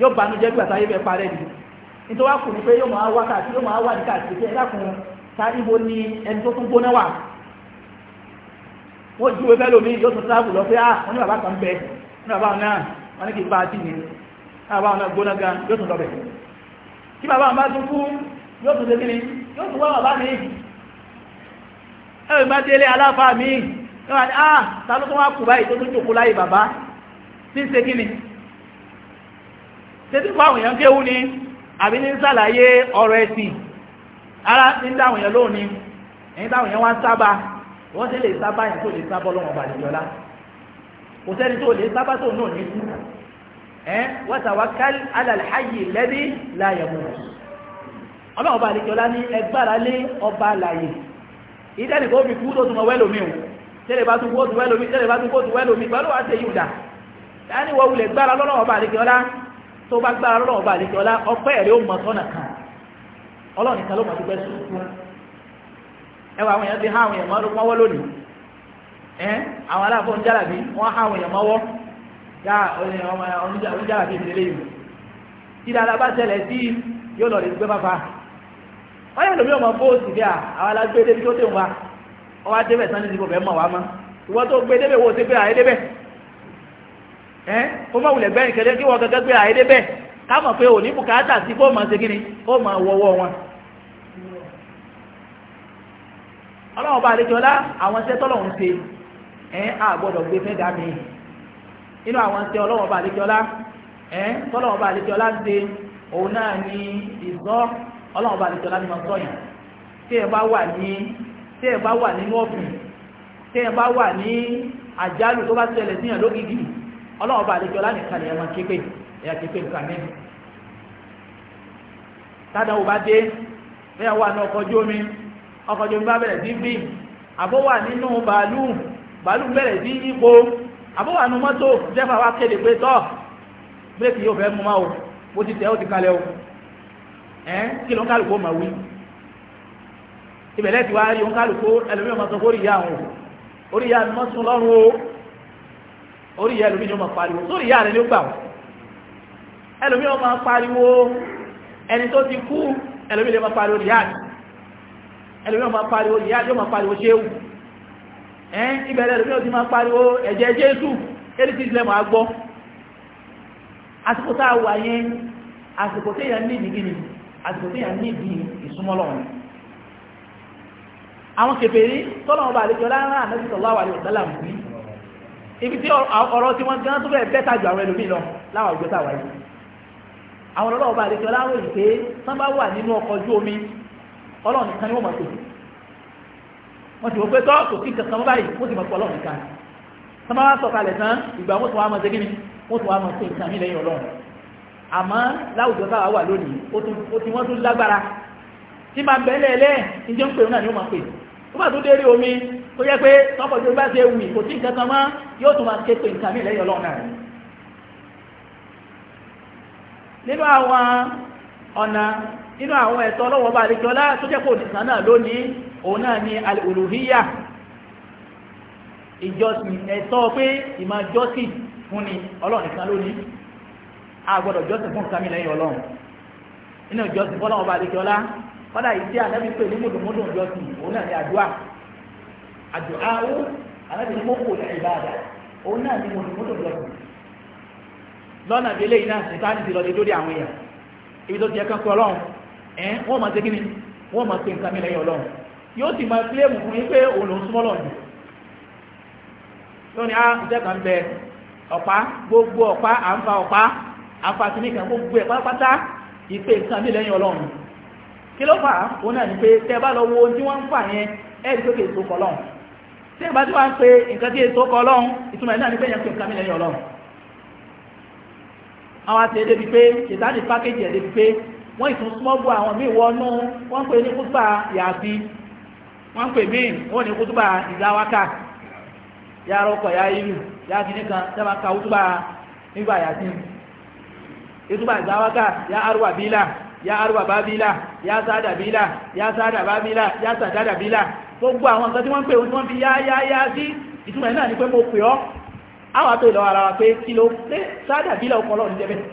yóò banú jẹ́ gbàtà yẹ́ fẹ́ parẹ́ ni nítorí wá kù ní pé yóò máa wá káàkiri yóò máa wá ní káàkiri pé ẹ̀dàkùn ta ibo ni ẹni tó tún gbóná wà wọ́n ju ẹgbẹ́ lómi yóò tún sáàbù lọ pé ah wọ́n ní bàbá kan bẹ wọ́n ní bàbá náà wọ́n ní kì bá a tì ní bàbá náà gbóná gan yóò tún lọ́bẹ̀ kí bàbá wọn bá tún kú yóò tún débi ni yóò tún wá bàbá mi ẹ̀rọ ìgbà délé aláfáà mi yóò wá ní ah ta ló tún wá kù báyìí tó tún jòkó láyé bàbá tí ń ṣe ni tètè fáwọn èèyàn kéwú ni àbí ní sàlàyé ọ̀rọ̀ ẹ̀sìn ara ti ń dáwọn èèyàn lónìí ẹ̀yìn táwọn èèyàn wá ń sábà wọ́n sì lè sábà yẹn tó lè sábà ọlọ́wọ́n bàdìjọ́lá kò sẹ́ni tó lè sábà tó náà ní kú ẹ́ wa tawakkal ala al-hayy alladhi la yamut ọlọ́wọ́n bàdìjọ́lá ní ẹgbára lé ọba àlàyé ìdẹ́nì kó fi kú tó tún ọwẹ́lòmí o tẹ́lẹ̀ bá tún kó tún wẹ́lòmí tẹ́lẹ̀ bá tún kó tún wẹ́lòmí pẹ̀lú àṣeyí ìdá tó bá gbá ọlọ́run ọba àlejò ọlá ọpẹ́ rẹ̀ ó mọ sọ́nà kan ọlọ́run nìkan ló mọ̀ tó bẹ́sù ẹwà àwọn èèyàn ti há àwọn èèyàn mọ́wọ́ lónìí ẹ́ àwọn aláàfọ́ oníjàlàbí wọ́n há àwọn èèyàn mọ́wọ́ yá oníjàlàbí ìdílé yìí tí dáadáa bá tẹ̀lẹ̀ sí yóò lọ rí gbé bàbá wọ́n yẹ́ lómi ọmọ bóòsì bí i àwọn alágbé débi ẹ́ ó má wulẹ̀ gbẹ́yìn kẹlẹ́ kí wọ́n gẹ́gẹ́ gbé àyédé bẹ́ẹ̀ ká mọ̀ pé òní bùkátà sí kó máa ṣe kí ni kó máa wọ́wọ́ wọn. ọlọ́run bá àlejò ọlá àwọn iṣẹ́ tọ́lọ́run ṣe ẹ́ á gbọ́dọ̀ gbé fẹ́ dá mi nínú àwọn iṣẹ́ ọlọ́run bá àlejò ọlá ẹ́ tọ́lọ́run bá àlejò ọlá ń ṣe òun náà ni ìzọ́ ọlọ́run bá àlejò ọlá ni mo sọ yìí tí ẹ bá wà ní tí ẹ bá wà nínú ọ̀fìn tí ẹ bá wà ní àjálù tó bá ṣẹlẹ̀ síyàn lógìgì ọlọ́run bá àlejò lánìkan ni ẹ máa képe ẹ̀yà képe nǹkan mi. tádà ò bá dé bẹ́ẹ̀ wà ní ọkọ̀ ojú omi ọkọ̀ ojú omi bá bẹ̀rẹ̀ sí bí àbó wà nínú bàálù bàálù bẹ̀rẹ̀ sí yípo àbó wà nínú mọ́tò jẹ́fà wá kéde pé tọ́ bírèkì yóò fẹ́ mú máa o bó ti tẹ̀ ó ti kalẹ̀ o ẹ̀ kí ló ń kálukú máa wí ibẹ̀ lẹ́tì wá rí ń kálukú ẹlòmíràn máa sọ fórí ìyá àwọn orí ìyá mi lọ́rùn o orí ìyá ẹlòmí ni ó máa pariwo sórí ìyá rẹ̀ ni ó gbà wọ́n ẹlòmí ó máa pariwo ẹni tó ti kú ẹlòmí lè máa pariwo ìyá rẹ̀ ẹlòmí ó máa pariwo ìyá rẹ̀ ó máa pariwo ṣéwù ẹ́ ibẹ̀rẹ̀ ẹlòmí ó ti máa pariwo ẹ̀jẹ̀ jésù eré tí ìsìlẹ̀ máa gbọ́ àsìkò tá a wà yẹn àsìkò téèyàn ní ìdí ni àsìkò téèyàn ní ìdí ìsúmọ́lọ́run àwọn kèfèrí tọ́lọ́wọ́ bá àlejò láàárín àmẹ́sìtọ̀ láwàlẹ̀ ọ̀dálàmù ibi tí ọ̀rọ̀ tí wọ́n gán tó bẹ̀rẹ̀ bẹ́ta ju àwọn ẹlòmíì lọ láwọn àwùjọ táwa yìí àwọn ọlọ́wọ́ bá àdékẹ́ láwọn èyí pé tán bá wà nínú ọkọ̀ ojú omi ọlọ́run nìkan ni wọ́n mọ̀ tó wọ́n ti wọ́n pé tọ́ kò sí nǹkan kan báyìí wọ́n ti mọ̀ pọ̀ ọlọ́run nìkan tán bá wá sọ̀kalẹ̀ tán ìgbà wọ́n tún wá mọ̀ ṣe kíni wọ́n tún wá mọ̀ ṣe nǹkan mí lẹ́yìn ọlọ́run àmọ́ láwùjọ táwa wà lónìí ó ti wọ́n tún lágbára tí máa bẹ́ẹ̀ lẹ́ẹ̀lẹ́ ìjọ ń pè náà ni ó máa pè nígbà tó dé rí omi tó yẹ pé tọkọjú bá ṣe wì kò sí nǹkan kan mọ́ yóò tún máa ké pé nǹkan mi lẹ́yìn ọlọ́run náà rẹ̀. nínú àwọn ọ̀nà nínú àwọn ẹ̀tọ́ ọlọ́wọ́ bá àdéjọ́lá tó jẹ́ kó nìkan náà lónìí òun náà ni al-uluhiyya ìjọsìn ẹ̀tọ́ pé ìmọ̀ jọ́sìn fún ni ọlọ́run nìkan lónìí a gbọ́dọ̀ jọ́sìn fún nǹkan mi lẹ́yìn ọlọ́run nínú ìjọsìn fọ́lọ́wọ́ bá àdéjọ́lá kọ́dà yìí tí ànábì ní òun náà ní ní ní ìbáàdà òun náà ní délé ní ti àwọn èèyàn ibi tó ti máa ni máa pe nǹkan mi lẹ́yìn ọlọ́run yóò sì máa fún pé òun lòún ah, kan bẹ gbogbo ọ̀pá à ń fa ọ̀pá àfa kìnnìkan gbogbo ẹ̀ pátápátá ìpè nǹkan kí ló fà òun náà ni pé tẹ́ bá lọ wo ohun tí wọ́n ń fà yẹn ẹ̀rí tó kè so kọ́ lọ́hùn tí ìbá tí wọ́n ń pe nǹkan tí èso kọ́ lọ́hùn ìtumọ̀ náà ni pé yẹn pé nǹkan mi lẹ́yìn ọlọ́hùn àwọn àti ẹ̀dẹ́bi pé ṣètàní pákéjì ẹ̀dẹ́bi pé wọ́n ìtún súnmọ́gbù àwọn míì wọnú wọ́n pè ní kútùbà yàbí wọ́n pè míì wọ́n ní kútùbà ìdáwákà yàrá ọkọ̀ yà ìlú yà kìíní kan ka kútùbà nígbà yàtí ya arúgbà bá ya sáàdà Bila, ya sáàdà bá ya sàdádà bílá gbogbo àwọn nǹkan tí wọ́n ń pè wọ́n fi yá yá yá sí ìtumọ̀ ẹ̀ náà ni pé mo pè ọ́ àwọn àtò ìlọ́wọ́ ara wa pé kí ló pé sáàdà bílá ọkọ̀ lọ́ọ̀ níjẹ́ bẹ́ẹ̀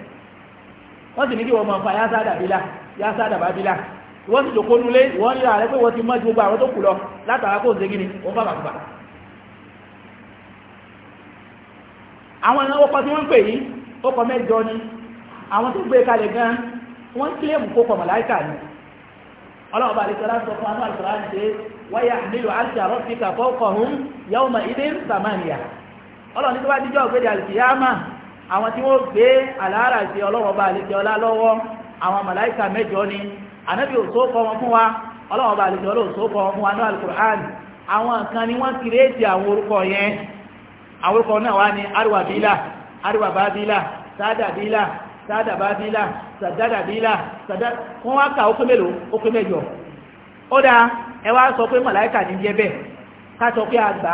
wọ́n sì ní kí wọ́n mọ̀ fa ya sáàdà bílá ya sáàdà bá bílá wọ́n sì lòkó nulé wọ́n rí ààrẹ pé wọ́n ti mọ́ ju gbogbo àwọn tó kù lọ látara kó ṣe gíní wọ́n wọ́n kílẹ̀ mú kó pọ̀ màláíkà ni ọlọ́run bá àlejò aláṣọ fún anú àlùkò láti ṣe wáyà nílò àṣà rọ́fíkà fọ́kọ̀hún yawma idin samaniya ọlọ́run ní tó bá díjọ́ ògbédè àlùkìyámà àwọn tí wọ́n gbé àlàárà sí ọlọ́run bá lọ́wọ́ àwọn màláíkà mẹ́jọ ni ànábì òṣó sádàbá bílà sàdádà bílà sàdádà wọ́n wá kà ó pé mélòó ó pé mẹ́jọ ó dáa ẹ wá sọ pé màláìkà ní jẹ́ bẹ́ẹ̀ ká sọ pé àgbà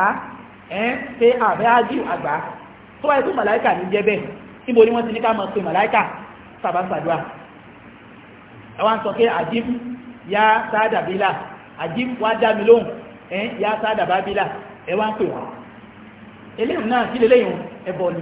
ẹ́ pé àbẹ́ ájú àgbà tó wáyé pé màláìkà ní jẹ́ bẹ́ẹ̀ níbo ni wọ́n ti ní ká mọ̀ pé màláìkà sábà sàdúrà ẹ wá sọ pé àjíb ya sádà bílà àjíb wá dá mi lóhùn ẹ ya sádàbá bílà ẹ ń pè wọ́n eléyìí náà sí lélẹ́yìn ẹ̀bọ̀ ni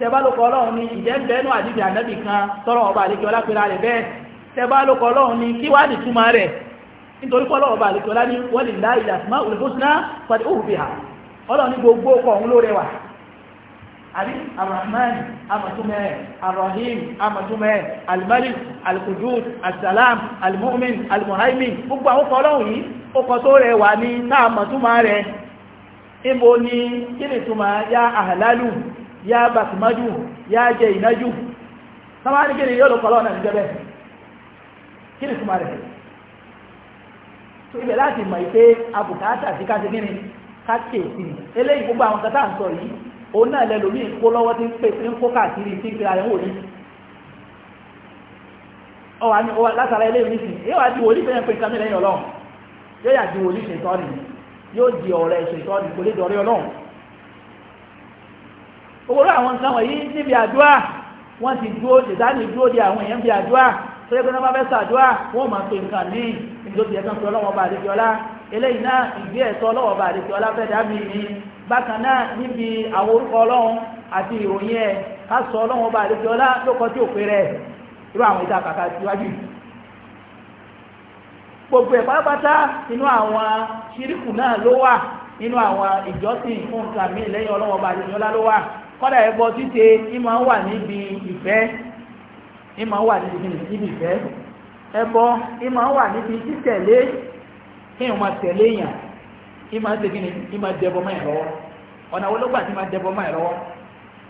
tẹ́bá lókọ ọlọ́run ní ìjẹ́ ń bẹ́ẹ̀nù àdíjì ànábì kan tọ́rọ ọba àlékí ọlá pẹ̀lá rẹ̀ bẹ́ẹ̀ tẹ́bá lókọ ọlọ́run ní kí wá ní túmọ̀ rẹ̀ nítorí pọ́lọ́ ọba àlékí ọlá ní wọ́lì láì ìdàsímá olùfóṣúná pàdé òhùbì hà ọlọ́run ní gbogbo ọkọ̀ òun ló rẹwà àbí arahman amatumẹ arahim amatumẹ alimalik alikudus asalam alimumin alimuhaimin gbogbo àwọn ọlọ́run yìí ọkọ̀ tó rẹwà ní náà amatumọ̀ rẹ̀ ibo ni kí ni túmọ̀ ya ahàlálù ya bàtìmájú ya jẹ ìnájú sáwá ní kíni na lọ́pọ̀ lọ́nà ni súnmọ́ so tó ibẹ̀ láti mọ̀ ìpé abùkátà sí káṣe ka káṣe sí eléyìí gbogbo àwọn kátà ń sọ yìí òun náà lẹ́lòmí kó lọ́wọ́ ti ń pè tí ń kó káàkiri ala ń pè ara ẹ̀wọ̀n yìí ọwà ní ọwà látara ilé ìrísì yóò di pé yóò yà di yóò di ọ̀rẹ́ kò lè dọ̀rẹ́ ọlọ́run owóró àwọn nǹkan wọ̀nyí níbi àdúrà wọ́n ti dúó ìdánì dúó di àwọn èèyàn bí àdúrà tó yẹ pé wọ́n bá fẹ́ sàdúrà wọ́n máa pe nǹkan ní ìdóbi ẹ̀kan fi ọlọ́wọ́ bá àdéjọ́lá eléyìí náà ìgbé ẹ̀tọ́ ọlọ́wọ́ bá àdéjọ́lá fẹ́ dá mi ní bákan náà níbi àwọn orúkọ ọlọ́run àti ìròyìn ẹ̀ ká sọ ọlọ́wọ́ bá àdéjọ́lá lókọ tí òpè rẹ̀ irú àwọn ìta kàkà síwájú gbogbo ẹ̀ pátápátá inú àwọn ṣíríkù náà ló wà inú àwọn ìjọsìn fún nǹkan lẹ́yìn ọlọ́wọ́ bá àdéjọ́lá ló wà kọ́dà ẹbọ títẹ ìmọ̀ wà níbi ìfẹ́ ìmọ̀ wà níbi ìfẹ́ ẹbọ ìmọ̀ wà níbi títẹ̀lé kí n máa tẹ̀lé èèyàn ìmọ̀ ṣe ma ni ìmọ̀ na mọ́ ìrọwọ́ ọ̀nà olóògbà tí máa dẹbọ mọ́ ìrọwọ́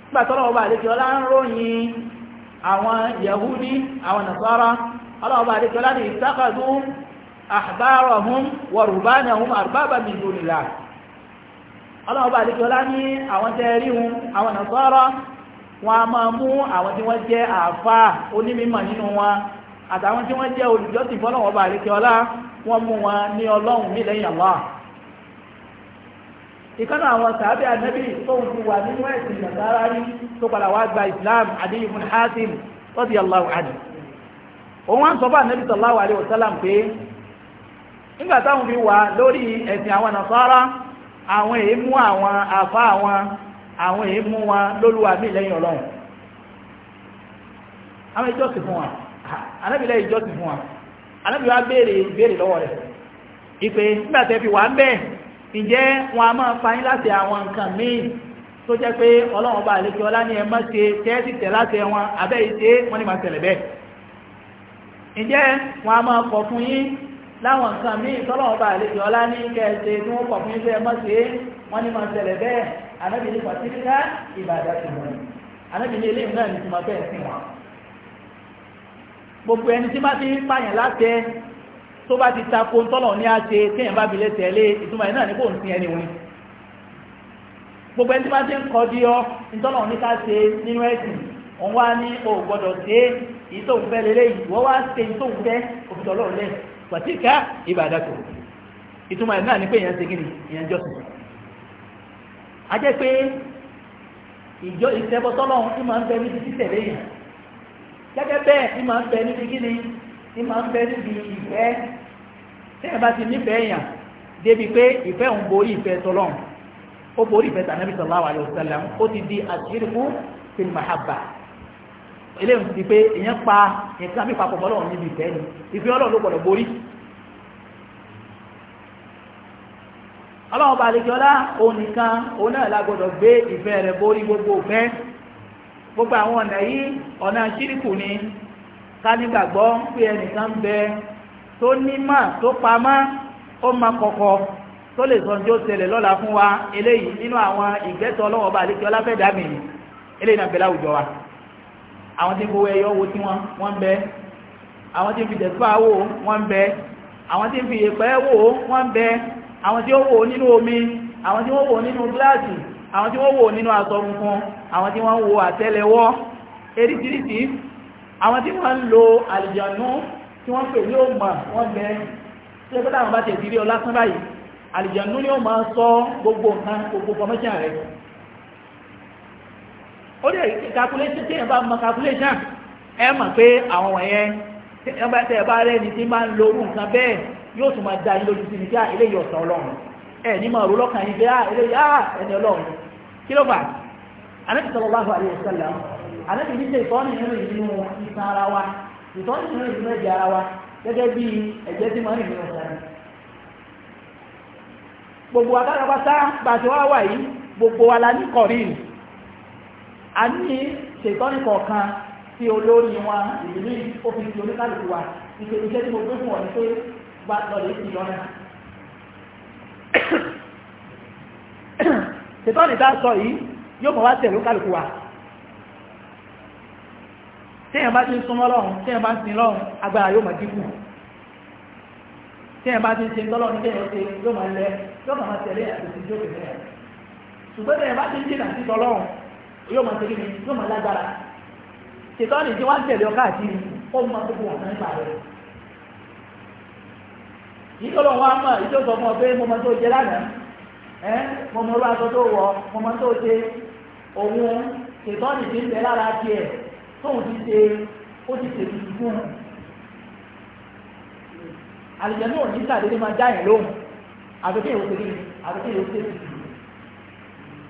nígbà tọ́lọ́ ọba àlejò ọlá ń ròyìn àwọn Yahudi àwọn Nasara ọlá ní ìtàkàdún ọlọ́ọ̀bá àdíkọ́lá ní àwọn tẹ́ rí hun àwọn nàṣọ́rọ̀ wọn a máa mú àwọn tí wọ́n jẹ́ àfá onímímọ̀ nínú wọn àtàwọn tí wọ́n jẹ́ olùjọ́sìn fọ́lọ́wọ́bá àdíkọ́lá wọ́n mú wọn ní ọlọ́run ní lẹ́yìn Islam Adiy ibn Hatim radiyallahu anhu òun wá ń sọ fún ànábì sallallahu alaihi wasallam pé nígbà táwọn fi wà àwọn èyí mú àwọn àfá àwọn àwọn èyí mú wọn lólúwa mí lẹ́yìn ọlọ́run àwọn ìjọsìn fún wa anábìlẹ̀ ìjọsìn fún wa anábìlẹ̀ wa béèrè ìbéèrè lọ́wọ́ rẹ̀ ìpè nígbàtẹ́ fi wà ń bẹ́ẹ̀ ǹjẹ́ wọn a máa fa yín láti àwọn nǹkan míì tó jẹ́ pé ọlọ́run bá àlejò ọlá ní ẹmọ́ ṣe tẹ́ẹ̀sì tẹ̀ láti wọn abẹ́ ìṣe wọn ni máa tẹ̀lẹ̀ bẹ́ẹ̀ ǹjẹ́ wọn a máa kọ̀ fún yín láwọn nǹkan míì tọ́lọ́wọ́ bá àlejò ọlá ní kẹ́ẹ̀ṣe tí wọ́n pọ̀ fún iṣẹ́ ẹmọ́ sí wọ́n ní máa ṣẹlẹ̀ bẹ́ẹ̀ anábì ní pàtíríkà ìbàdà ti mọ̀ anábì ní eléyìí náà ní ti máa bẹ́ẹ̀ sìn wọ́n. gbogbo ẹni tí bá ti ń pààyàn láṣẹ tó bá ti ta ko tọ́lọ̀ ní àṣẹ téèyàn bá bilẹ̀ tẹ̀lé ìtumọ̀ ẹ̀ náà ní kò ń sin ẹni wọn. gbogbo ẹni tí bá ti ń di ọ ìtọ́lọ̀ ní ká ṣe nínú ẹ̀sìn òun wá ní o gbọ́dọ̀ èyí tó ń fẹ́ lélẹ́yìí wọ́n wá èyí tó ń fẹ́ òfin tọ́lọ̀ pàtíkà ìbàdàtò ìtumọ̀ ẹ̀ náà ni pé èèyàn ṣe gíní èèyàn jọ́sìn a jẹ́ pé ìjọ ìṣẹ́bọ́sọ́lọ́ tí máa ń bẹ níbi títẹ̀lé yẹn gẹ́gẹ́ bẹ́ẹ̀ tí máa ń bẹ níbi gíní tí máa ń bẹ níbi ìfẹ́ tí ẹ bá ti nífẹ̀ẹ́ yàn débi pé ìfẹ́ òun borí ìfẹ́ tọlọ́run ó borí ìfẹ́ tànàbí eléyìí ti pé èyàn pa nǹkan bí papọ̀ mọ́lọ́run níbi ìfẹ́ ni ìfẹ́ ọlọ́run ló gbọ́dọ̀ borí ọlọ́run bá lè kíọ́lá òun nìkan òun náà la gbọ́dọ̀ gbé ìfẹ́ rẹ̀ borí gbogbo ìfẹ́ gbogbo àwọn ọ̀nà yìí ọ̀nà ṣíríkù ni ká nígbàgbọ́ pé ẹnìkan bẹ tó nímọ̀ tó pamọ́ ó ma kọ̀kọ̀ tó lè sọ tí ó ṣẹlẹ̀ lọ́la fún wa eléyìí nínú àwọn ìgbẹ́tọ̀ ọlọ́run bá lè kíọ́lá fẹ́ dàmì eléyìí náà bẹ láwùjọ wa àwọn tí ń gbowó ẹyọ wo tí wọ́n ń bẹ àwọn tí ń fi tẹ̀síwá wò wọ́n ń bẹ àwọn tí ń fi ìpẹ́ wò wọ́n ń bẹ àwọn tí ó wò nínú omi àwọn tí wọ́n wò nínú gíláàsì àwọn tí wọ́n wò nínú aṣọ funfun àwọn tí wọ́n wò àtẹ́lẹwọ́ eríṣiríṣi àwọn tí wọ́n ń lo àlìjànú tí wọ́n pè ní òmà wọ́n bẹ tí ó pẹ́ táwọn bá tẹ̀sí rí ọlásán báyìí àlìjànú ni ó máa sọ gbogbo nǹkan gbogbo fọmọ́ṣẹ́ rẹ̀ ó dẹ̀ calculation tí èèyàn bá mọ calculation ẹ mọ̀ pé àwọn wọ̀nyẹn ẹgbẹ́ tẹ́ ẹ bá rẹ́ ni tí máa ń lo orú nǹkan bẹ́ẹ̀ yóò tún máa da yín lójú sí ni kí á ah, eléyìí ọ̀sán ọlọ́run ẹ ní máa rò lọ́kàn yín pé á ah, eléyìí á ah, ẹni ọlọ́run kí ló fà anábì sallallahu alaihi wasallam anábì ní ṣe ìtọ́ni nínú ìlú ìsan ara wa ìtọ́ni nínú ìlú ẹ̀jẹ̀ ara wa gẹ́gẹ́ bí ẹ̀jẹ̀ tí máa ń rìn nínú ọ̀sán gbogbo akára pátá wá wà yìí gbogbo wa a ní ṣètọ́nì kọ̀ọ̀kan tí olórí wọn ìlú òfin ti oníkàlùkù wa ìṣe iṣẹ́ tí mo gbé fún ọ ní pé bá lọ́lẹ̀ sí lọ́nà [COUGHS] ṣètọ́nì tá sọ yìí yóò mọ̀ wá tẹ̀lú kàlùkù wa tẹ́yàn bá ti ń súnmọ́ lọ́run tẹ́yàn bá ń sin lọ́run agbára yóò mọ̀ dínkù tẹ́yàn bá ti ń ṣe tọ́lọ́ ní tẹ́yàn ṣe yóò mọ̀ lẹ́ yóò mọ̀ tẹ̀lé àtòsí yóò yóò máa tẹ̀lé mi yóò máa lágbára ṣètọ́nì tí wọ́n tẹ̀lé ọkà àti ó máa tó kúrò àtàn ìpàdé yìí tó lọ́wọ́ àmọ́ yìí tó sọ fún ọ pé mo máa tó jẹ lánàá ẹ mo mọ olúwa tó tó wọ mo máa tó ṣe òun ṣètọ́nì tí ń bẹ lára tiẹ̀ tóun ti ṣe ó ti ṣe tuntun fún un àlùjẹ́ náà ní sàdédé máa dá ẹ̀ lóhùn àbẹ̀kẹ́ ìwòsàn àbẹ̀kẹ́ ìwòsàn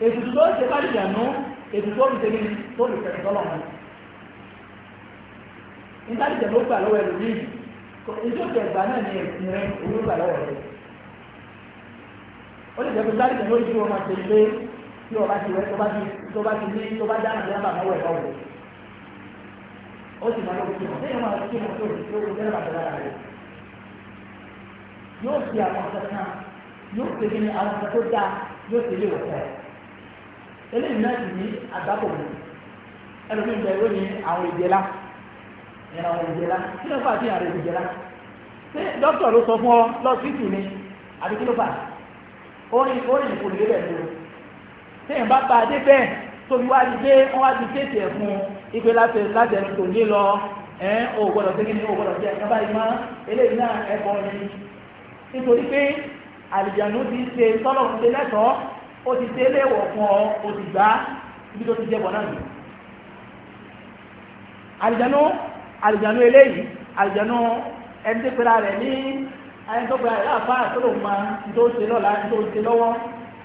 ètùtù tó ṣe bá àlùjẹ́ ètò tó ń tẹ̀lé tó lè tẹ̀lé tọ́lọ̀ wọn. ìtàlìjẹ̀ ló gbà lọ́wọ́ ẹ̀rù yìí ìjọ ìjọba náà ni ẹ̀sìn rẹ̀ òun gbà lọ́wọ́ rẹ̀. ó lè jẹ́ pé ìtàlìjẹ̀ ló ju ọmọ àti ilé tí ọba ti wẹ́ tọ́ba ti tọ́ba ti ní tọ́ba dáná ní àbàmọ́ wẹ̀ bá wọ̀. ó sì máa lóko kíkọ́ lẹ́yìn máa kí wọn tó lóko tẹ́lẹ̀ bàtà lára rẹ̀. yóò fi àwọn akẹ́kọ̀ọ́ yóò tẹ̀lé àwọn akẹ́kọ̀ọ́ dáa yóò tẹ̀lé wọ̀ eléyìí náà sì ní àgbákò mú ẹlòmí ń bẹ ìwé ní àwọn ìjẹlá ìyẹn àwọn ìjẹlá kí ló fà sí àrẹ ìjẹlá ṣé dókítà ló sọ fún ọ lọ́sítì ni àbí kí ló fà ó ní ó ní ìkòlè rẹ̀ lò ṣé ìyẹn bá bá a dé bẹ́ẹ̀ tóbi wá di pé wọ́n wá ti tètè ẹ̀ fún ipe láti láti ẹnu tó ní lọ ẹ̀ ò gbọ́dọ̀ sí kíni ò gbọ́dọ̀ jẹ́ ẹ̀ka báyìí mọ́ eléyìí náà ẹ̀kọ́ ni nítorí pé àlìjànú ti ṣe tọ́lọ̀ ó ti ṣe léwọ̀ fún ọ ó ti gbá ibi tó ti jẹ bọ̀ náà nù àlìjánú àlìjánú eléyìí àlìjánú ẹni tó pera rẹ̀ ní ẹni tó pera rẹ̀ láàfáà tó lòun máa ń tó ṣe lọ́la ń tó ṣe lọ́wọ́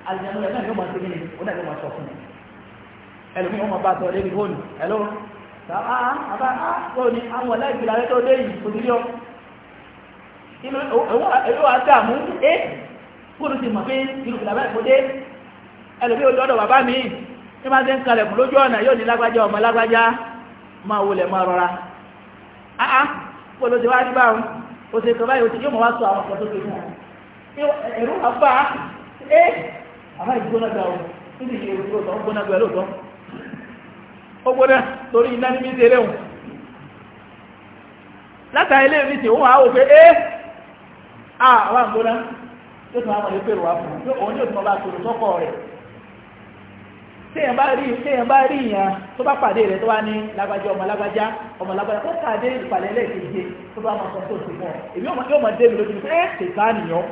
àlìjánú rẹ̀ náà yóò máa ṣe kí ni ó náà yóò máa sọ fún un ẹlòmí wọn bá sọ débi hónì ẹlò sáà àbá àpò ní àwọn ẹlẹ́gbẹ̀ẹ́ lálẹ́ tó dé yìí kòtìrí ọ inú ẹ̀wọ́ àdàmú ẹ́ kó ló ti mọ̀ pé ìlú ìlàbẹ́ kò ẹlòmí ojú ọ̀dọ̀ bàbá mi ní máa ń ṣe ń kalẹ̀ kù lójú ọ̀nà yóò ní lágbájá ọmọ lágbájá máa wọlé máa rọra áá kó ló ti wá rí báwọn o ṣe kọ báyìí o ti yóò máa wá sọ àwọn ọkọ̀ tó ti fún ọ ẹ̀rú àbá ẹ àbá ìgbóná gbà ọ níbi ìyẹn òṣèlú ọ̀tọ̀ ó gbóná gbà lóòótọ́ ó gbóná torí iná ní mí ń ṣeré wọn látàrí ilé mi ti wọ́n á wò àwọn àgbóná yóò tún àwọn ìpèrò wá fún un yóò tún ọba àtòrò sọ́kọ̀ rẹ̀ téèyàn bá rí téèyàn bá rí yàn tó bá pàdé rẹ̀ tó wá ní lágbájá ọmọ lágbájá ọmọ lágbájá tó pàdé ìpàdé ẹlẹ́ẹ̀kejì tó bá máa sọ tó ti mọ̀ èmi yóò máa dé mi lójú pé ẹ́ tètè ànìyàn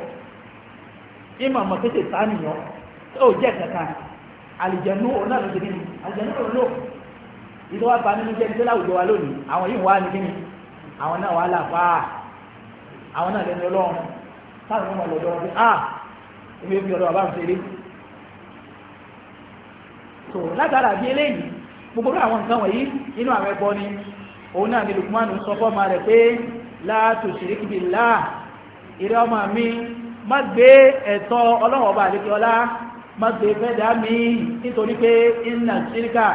ìmọ̀ àmọ̀ tó tètè ànìyàn ó jẹ́ kankan àlìjẹ̀nú òun náà àlìjẹ̀nú òun lò ìlú wa bá nínú jẹ́ nítorí àwùjọ wa lónìí àwọn yìí wà ní kíni ah ìwé fi ọ̀dọ́ so látara bí eléyìí gbogbo àwọn nǹkan wọ̀nyí nínú àwọn ẹbọ ni òun náà ni Lukumanu sọ fọ́ ma rẹ̀ pé la tushrik billah ìrẹ́ ọmọ mi má gbé ẹ̀tọ́ ọlọ́wọ́ ọba àdékẹ́ ọlá má gbé fẹ́ dá mi nítorí pé inna shirka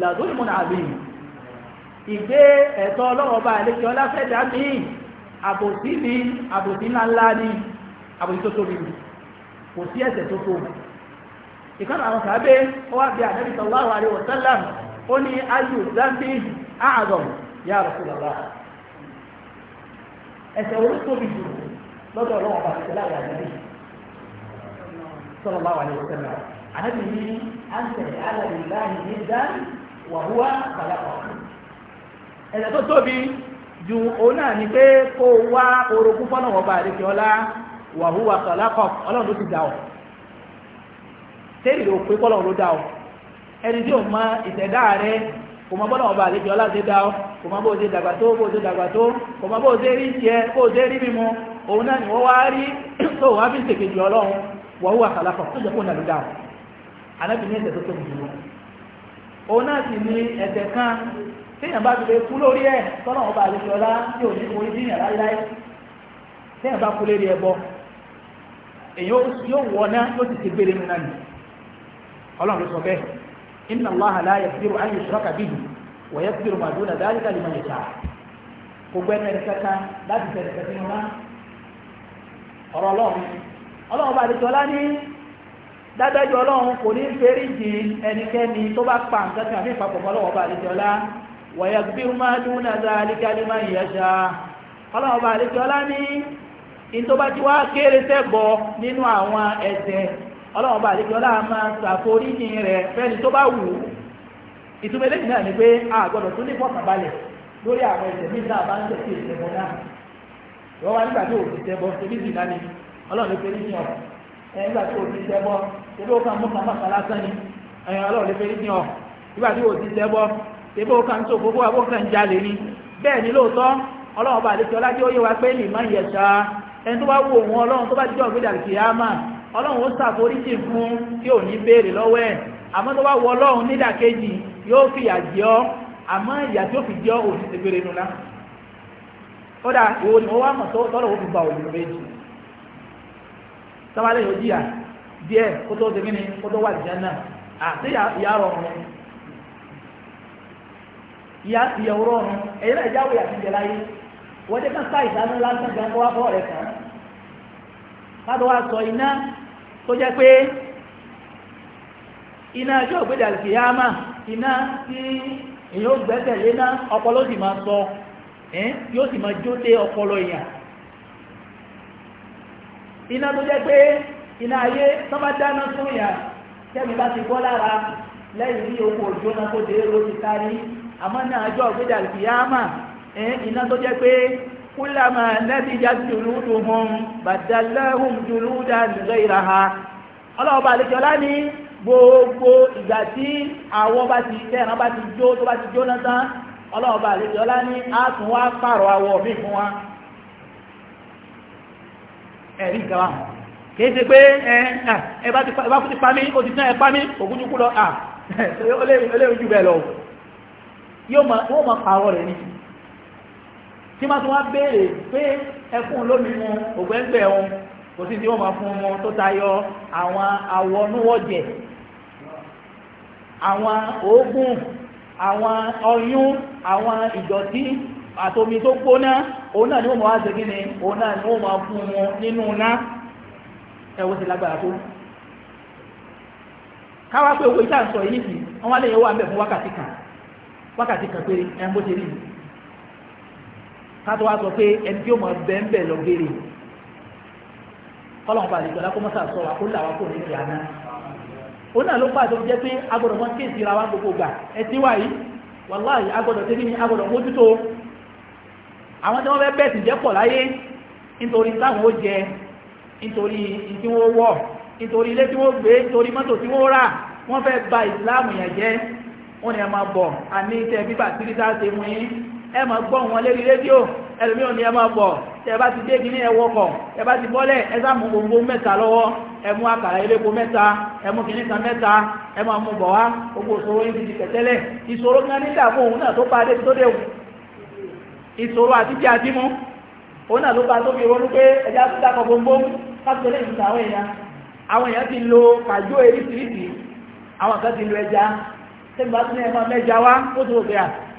la zulmun azim ìgbé ẹ̀tọ́ ọlọ́wọ́ ọba àdékẹ́ ọlá fẹ́ dá mi àbòsí mi àbòsí ńláńlá ni àbòsí tó tóbi kò sí ẹ̀ṣẹ̀ tó tóbi ìkan àwọn sàábé ó wá bí ànábì sallallahu alaihi wa sallam ó ní ayyu zambi a'zam ya Rasulullah ẹ̀ṣẹ̀ orí tóbi jù lọ́dọ̀ ọlọ́wọ́ bá ṣẹlẹ̀ àwọn ànábì sallallahu alaihi wa sallam ànábì ní àǹtẹ̀ alàìláhi ní dán wà húwá kàlápọ̀ ẹ̀ṣẹ̀ tó tóbi ju òun náà ni pé kó wá orogún fọ́nà wọ́n bá àdékè ọlá wà húwá kàlápọ̀ ọlọ́run tó ti dà ọ́ tẹ́rì ló pé kọ́lọ̀ ló dá ọ ẹni tí ò mọ ìtẹ̀dá rẹ kò mọ bọ́lọ̀ ọba àlejò ọlá ṣe dá ọ kò mọ bó ṣe dàgbà tó bó ṣe dàgbà tó kò mọ bó ṣe rí jẹ bó ṣe rí mímu òun náà ni wọ́n wá rí [CLEARS THROAT] tó wá fi ṣèkejì ọlọ́run wọ́n wà kàlàkọ̀ tó jẹ́ kó nàlú dá ọ anábì ní ẹsẹ̀ tó tóbi jù òun náà sì ní ẹsẹ̀ kan téèyàn bá ti lè kú lórí ẹ̀ tọ́nà ọba àlejò ọlá tí ò ní orí díyàn láíláí téèyàn bá kú lérí ẹbọ èyí yóò wọ ọlọ́run ló sọ bẹ́ẹ̀ inna Allaha la yaghfiru an yushraka bihi wa yaghfiru ma duna dhalika liman yasha kò gbẹ́nu ẹni kẹta láti tẹ̀lé kẹta ní ọlá ọ̀rọ̀ ọlọ́run ọlọ́run bá ti tọ́lá ní dádájọ́ ọlọ́run kò ní fẹ́rí di ẹnikẹ́ni tó bá pa nǹkan tí àmì ìpapọ̀ ọlọ́run bá ti tọ́lá wa ọlọ́run bá àdékè ọlá máa ṣàforíjì rẹ̀ fẹ́ni tó bá wù ú ìtumọ̀ náà ni pé a gbọ́dọ̀ tó ní fọkànbalẹ̀ lórí àwọn ẹ̀ṣẹ̀ bí náà bá ń tẹ̀sí ẹ̀ṣẹ̀ bọ̀ náà ìwọ wa nígbà tó o ti tẹ́ bọ́ ṣebí sì náà ni ọlọ́run ló fẹ́rí yàn ẹ̀ nígbà tó o ti tẹ́ bọ́ ṣebí ó kàn mú kàn máa lásán ni ẹ̀ ọlọ́run ló fẹ́rí yàn nígbà tó o ti tẹ́ bọ́ ṣebí ó kàn tó gbogbo àbó kàn jalè ni bẹ́ẹ̀ ni lóòótọ́ ọlọ́run bá àdékè ọlá jẹ́ ó yé wa pé lè má yẹ ṣá ẹni ọlọ́run ó ṣàforíjì fún tí ò ní béèrè lọ́wọ́ ẹ̀ àmọ́ tó bá wọ ọlọ́run nídàkejì yóò fìyà jẹ ọ́ àmọ́ ìyà tí ó fi jẹ ọ́ òṣìṣẹ́ gbére nula kódà ìwò ni wọ́n wá mọ̀ tọ́lọ̀ ó fi gba òyìnbó méjì sábàlẹ̀ yóò jìyà díẹ̀ kó tó dégé ni kó tó wà jẹ́ náà àti ìyá rọrùn ìyá ìyàwó rọrùn ẹ̀yẹ́ náà jáwé àti ìjẹ láyé wọ́n jẹ́ ká sáì dáná lásán gan kó wá fọ́ rẹ̀ kàn án ká tó wá tó jẹ́ pé iná ẹjọ́ ògbédà kìyàmà iná tí èyàn ó gbẹ́sẹ̀lé ná ọpọlọ sì máa sọ yóò sì máa jó dé ọpọlọ èèyàn iná tó jẹ́ pé iná ayé tó bá dáná fún èèyàn tẹ́mi bá ti bọ́ lára lẹ́yìn bí owó òjóná tó dé ló ti àmọ́ náà ẹjọ́ ògbédà kìyàmà iná tó jẹ́ pé كلما نضجت جلودهم بدلناهم جلودا غيرها الله bá lè jọlá ní gbogbo ìgbà tí àwọ̀ bá ti tẹ́ran bá ti jó tó bá ti jóná tán ọlọ́wọ́ bá lè jọlá ní àtún wá pààrọ̀ àwọ̀ mí fún wa ẹ̀rí ìgbàwà kìí ṣe pé ẹ bá kú ti pamí ó ti tán ẹ pamí ògúnjúkú lọ à olóòjú [LAUGHS] bẹ́ẹ̀ lọ yóò mọ̀ pààrọ̀ rẹ̀ nìyí tí máa tún wá béèrè pé ẹkùn lómi mu ògbẹ́ngbẹ́ wọn kò sí tí wọ́n máa fún wọn tó tayọ àwọn àwọnúwọ̀jẹ̀ àwọn oògùn àwọn ọyún àwọn ìdọ̀tí àtomi tó gbóná òun náà ni wọ́n máa wá segin ni òun náà ni wọ́n máa fún wọn nínú ná ẹ̀wọ́n ti lágbára tó káwá pé owó ìtàǹsọ̀ yìí nìyí wọ́n wá lè yẹ wọ́n fún wákàtí kan wákàtí kan péré ẹ̀ ń bó ṣe rí yìí kátó wá sọ pé ẹni tí ó mọ bẹ́ẹ̀nbẹ́ lọ gèrè kọ́lọ́n balẹ̀ ìjọba kó mọ́sà sọ àkó làwa kò ní ìyá náà òun náà ló pa àtọ́ jẹ́ pé agbọ́dọ̀ mọ́ kéèsì ra wá gbogbo gbà ẹ ti wà yìí wàláhì agbọ́dọ̀ tẹ́lẹ̀ ní agbọ́dọ̀ mójútó àwọn tí wọ́n fẹ́ bẹ́ẹ̀ sì jẹ́ pọ̀ láyé nítorí táwọn ó jẹ nítorí tí wọ́n wọ̀ nítorí ilé tí wọ́n gbé nítorí mọ́tò tí wọ́n rà wọ́n fẹ́ ba ìsìláàmù yẹn jẹ́ wọ́n ní a máa bọ̀ àní tẹ́ bíbà tírísà ṣe mú yín ẹ máa gbọ́ wọn lérí rédíò ẹlòmíràn ni ẹ máa bọ̀ tẹ ti dé kíní ẹwọ́kọ̀ ẹ bá ti bọ́lẹ̀ ẹ sá mú gbogbo mẹ́ta lọ́wọ́ ẹ mú àkàrà eléko mẹ́ta ẹ mú kíní kan mẹ́ta ẹ máa mú bọ̀ wá gbogbo ìṣòro yìí ti di kẹ̀tẹ́lẹ̀ ìṣòro gan nígbà fún òun náà tó bá dé tó dé ìṣòro àti jẹ́ àti mú òun náà ló bá tó fi ronú pé ẹja tó dákọ̀ gbogbo káṣíkò lè fi àwọn èèyàn àwọn èèyàn ti lo kàjó à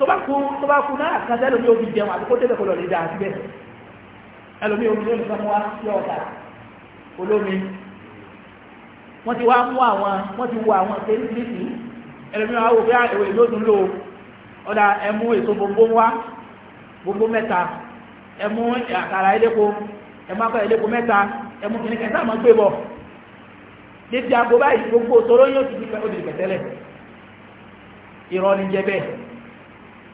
tó bá kú tó bá kú náà kan tẹ́lómi omi jẹun àti kó tẹ́lẹ̀ kó lọ lè dáa síbẹ̀ ẹlòmí omi ló ń sọ wá yọ ọ̀tà olómi wọ́n ti wá mú àwọn wọ́n ti wo àwọn tẹ́lifíìsì ẹlòmí wọn wò pé ah, èwe ló dùn lò ọ̀dà ẹmú èso gbogbo wá gbogbo mẹ́ta ẹmú àkàrà ẹlẹ́kọ ẹmú akọ ẹlẹ́kọ mẹ́ta ẹmú kìnnìkan sáà máa gbé bọ̀ dédé aago báyìí gbogbo tóró yóò ti di pẹ́ pẹ̀tẹ́lẹ̀ ìrọ̀ ni jẹ bẹ́ẹ̀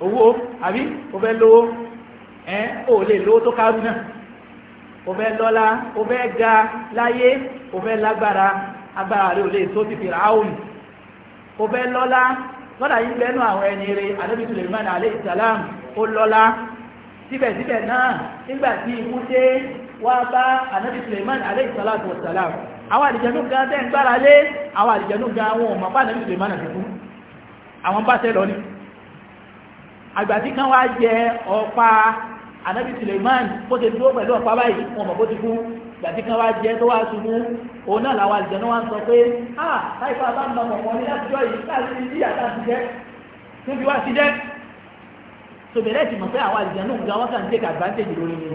owó àbí o fẹ́ lówó ẹ o lè lówó tó kárù náà o fẹ́ lọ́lá o fẹ́ ga láyé o fẹ́ lágbára agbára rẹ o lè tó ti fi ráhùn o fẹ́ lọ́lá lọ́lá yìí lẹ́nu àwọn ẹni rẹ Ànábì Sùlẹ̀mánà alayhi salam ó lọ́lá síbẹ̀síbẹ̀ náà nígbà tí ikú dé wá bá Ànábì Sùlẹ̀mánà alayhi salatu wa salam àwọn àdìjẹ̀nú gan tẹ́ ń gbára lé àwọn àdìjẹ̀nú gan wọn ò mọ̀ fún Ànábì Sùlẹ̀mánà tuntun àwọn bá tẹ́ lọ ni àgbàtí kan wá jẹ ọ̀pá anabi suleiman bó ti dúró pẹ̀lú ọ̀pá báyìí wọn mọ̀ bó ti kú àgbàtí kan wá jẹ tó wá ṣubú òun náà làwọn àlùjànnú wá ń sọ pé a láìpẹ́ bá ń lọ mọ̀mọ́ ní látijọ́ yìí láti ní ìyá tá a tó fi wá sí jẹ́ tòbẹ̀rẹ̀ ti mọ̀ pé àwọn àlùjànnú gan wọ́n kàn take advantage lórí mi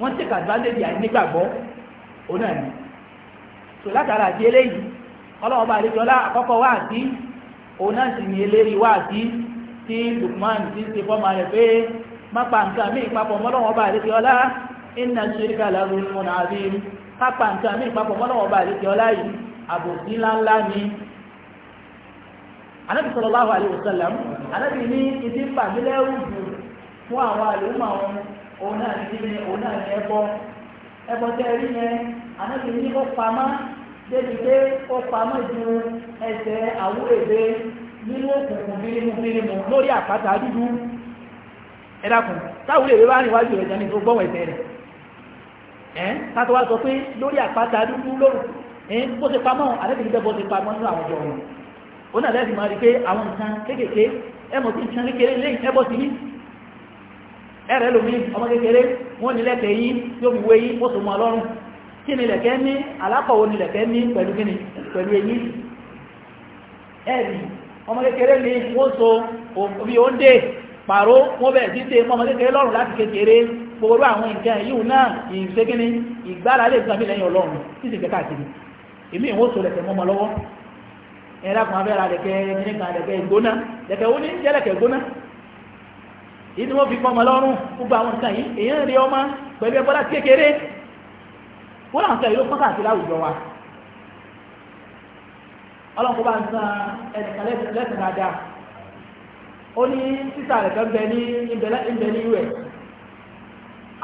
wọ́n take advantage àìnígbàgbọ́ òun náà ni tò látara àti eléyìí ọlọ́wọ́ bá àlejò ọlá àkọ́kọ́ wá àti òun náà sì ní eléyìí wá àti tí Lukman ti ṣe fọ́mà rẹ̀ pé mápa nǹkan mí ìpapọ̀ mọ́lọ́wọ́ bá àríkẹ́ ọlá iná ṣíríkà lárúurú mọ́nà àbí pápá nǹkan mí ìpapọ̀ mọ́lọ́wọ́ bá àríkẹ́ ọlá yìí àbòsí ńláńlá ni anábì sallallahu alaihi wasallam anábì ní ìdí pàmílẹ́rù fún àwọn àlùmọ̀ àwọn òun náà ní òun náà ní ẹbọ ẹbọ tẹ́ rí yẹn anábì ní ó pamọ́ débi nínú òkùnkùn mínímù mínímù lórí àpáta dúdú ẹ̀dàkùn táwọn èrè wá níwájú rẹ̀ jẹ́ni tó gbọ́wọ̀ ẹ̀fẹ́ rẹ̀ ẹ́ tàbí wá sọ pé lórí àpáta dúdú lórí ẹ́ bó ṣe pamọ́ àrẹ́bìnrin bó ṣe pamọ́ nínú àwọn ọjọ́ wọn ó náà lẹ́sìn máa rí pé àwọn nǹkan kéékèèké ẹmọ tí nǹkan kékeré lẹ́yìn ẹbọ sí ní ẹ̀rẹ́ lómi ọmọ kékeré wọ́n ní lẹ́kẹ̀ẹ́ yìí yóò fi wé yìí ó so mọ́ ọlọ́run kí ni lẹ̀kẹ́ ní alákọ̀wò ni ẹ̀rì ọmọ kékeré ní wọ́n so omi oúnjẹ pàró wọ́n bẹ̀rẹ̀ sí ṣe ọmọ kékeré lọ́rùn láti kékeré gbogbo àwọn nǹkan yìí náà ìṣẹ́gíní ìgbára lè gbàmí lẹ́yìn ọlọ́run títí kẹta àti ìmí ìwọ́n so lẹ̀kẹ̀ mọ́mọ lọ́wọ́ ẹ̀rá kan abẹ́ra lẹ̀kẹ̀ nígbà lẹ̀kẹ̀ ìgbóná lẹ̀kẹ̀ ó ní jẹ́ lẹ̀kẹ̀ ìgbóná ìdí wọ́n fi pọ́mọ lọ́rùn gbogbo àwọn nǹkan yìí èyí ń rí ọmọ pẹ̀lú ẹgbọ́lá kékeré wọ́n àwọn nǹkan yìí ló pọ́kà sí láwùjọ wa ọlọ́pọ̀ bá ń san ẹnìkan lẹ́sìn dáadáa ó ní títà rẹ̀ kan bẹ ní ìbẹ̀ ní us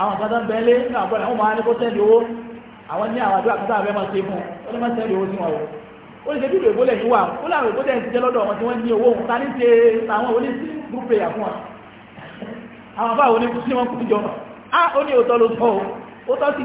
àwọn kan tó ń bẹ lé ní àbọ̀ àwọn máa ní kó sẹ́ndì owó àwọn ní àwọn àdúrà kúta àbẹ́mọ̀ ṣe fún ó ní máa sẹ́ndì owó sí wọn o ó ní ṣe bí ìròyìn bólẹ̀ yìí wà ó láwọn ìròyìn bólẹ̀ ń ṣiṣẹ́ lọ́dọ̀ wọn tí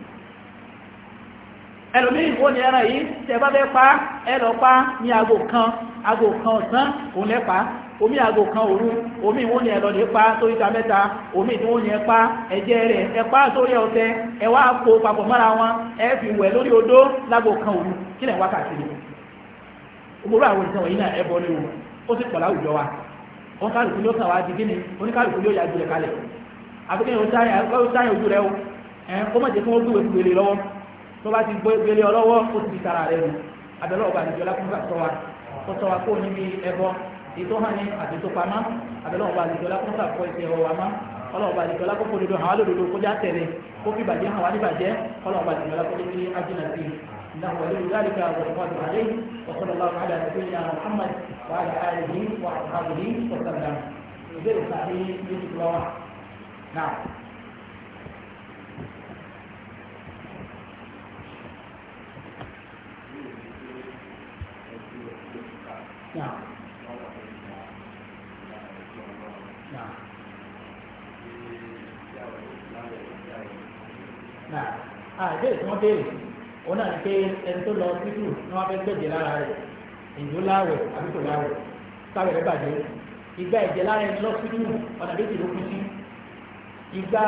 ẹlòmí ìwò ni ẹran yìí tẹ bá fẹ́ pa ẹlọ pa ní aago kan aago kan ọ̀sán òun lẹ pa omi aago kan òru omi ìwò ni ẹlọ lè pa sórí ìta mẹ́ta omi ìdúró ni ẹ pa ẹ̀jẹ̀ rẹ̀ ẹ pa sórí ọ̀tẹ ẹ wá kó papọ̀ mọ́ra wọn ẹ fi wẹ̀ lórí odó láago kan òru kí lẹ̀ ń wákàtí ni òmùrú àwọn ìtàn wọ̀nyí náà ẹ bọ́ léwu ó sì pọ̀ láwùjọ wa wọn kálukú ló kàn wá di gíní oníkálukú ló yà jùlẹ̀ kalẹ̀ àfikún yóò sáyà ojú rẹ o ẹ kó má jẹ́ kí wọ́n gbé wẹ́ẹ́ tó bá ti gbé gbélé ọlọ́wọ́ ó ti tara rẹ̀ nù abẹ́lẹ́ ọba àdìjọ lápúgbà sọ́wa kó sọ́wa kó níbi ẹbọ ètò hàn ní àdìjọ pamá abẹ́lẹ́ ọba àdìjọ lápúgbà kọ́ ìṣe ẹ̀wọ̀ wa ọlọ́ọ̀ba àdìjọ lápúgbà òdodo àwọn alódodo kó já tẹ̀lé kó fi bàjẹ́ hàn wá ní bàjẹ́ ọlọ́ọ̀ba àdìjọ lápúgbà ní ajínà sí إنه نعم نعم náà àìbéèrè tí wọ́n béèrè òun náà ni pé ẹni tó lọ títù ní wọ́n fẹ́ gbèjì lára rẹ̀ ìlú láwẹ̀ àbí kò láwẹ̀ sáwẹ̀ rẹ̀ bàjẹ́ ìgbà ẹ̀jẹ̀ lára ẹni lọ títù ọ̀nà méjì ló kú sí ìgbà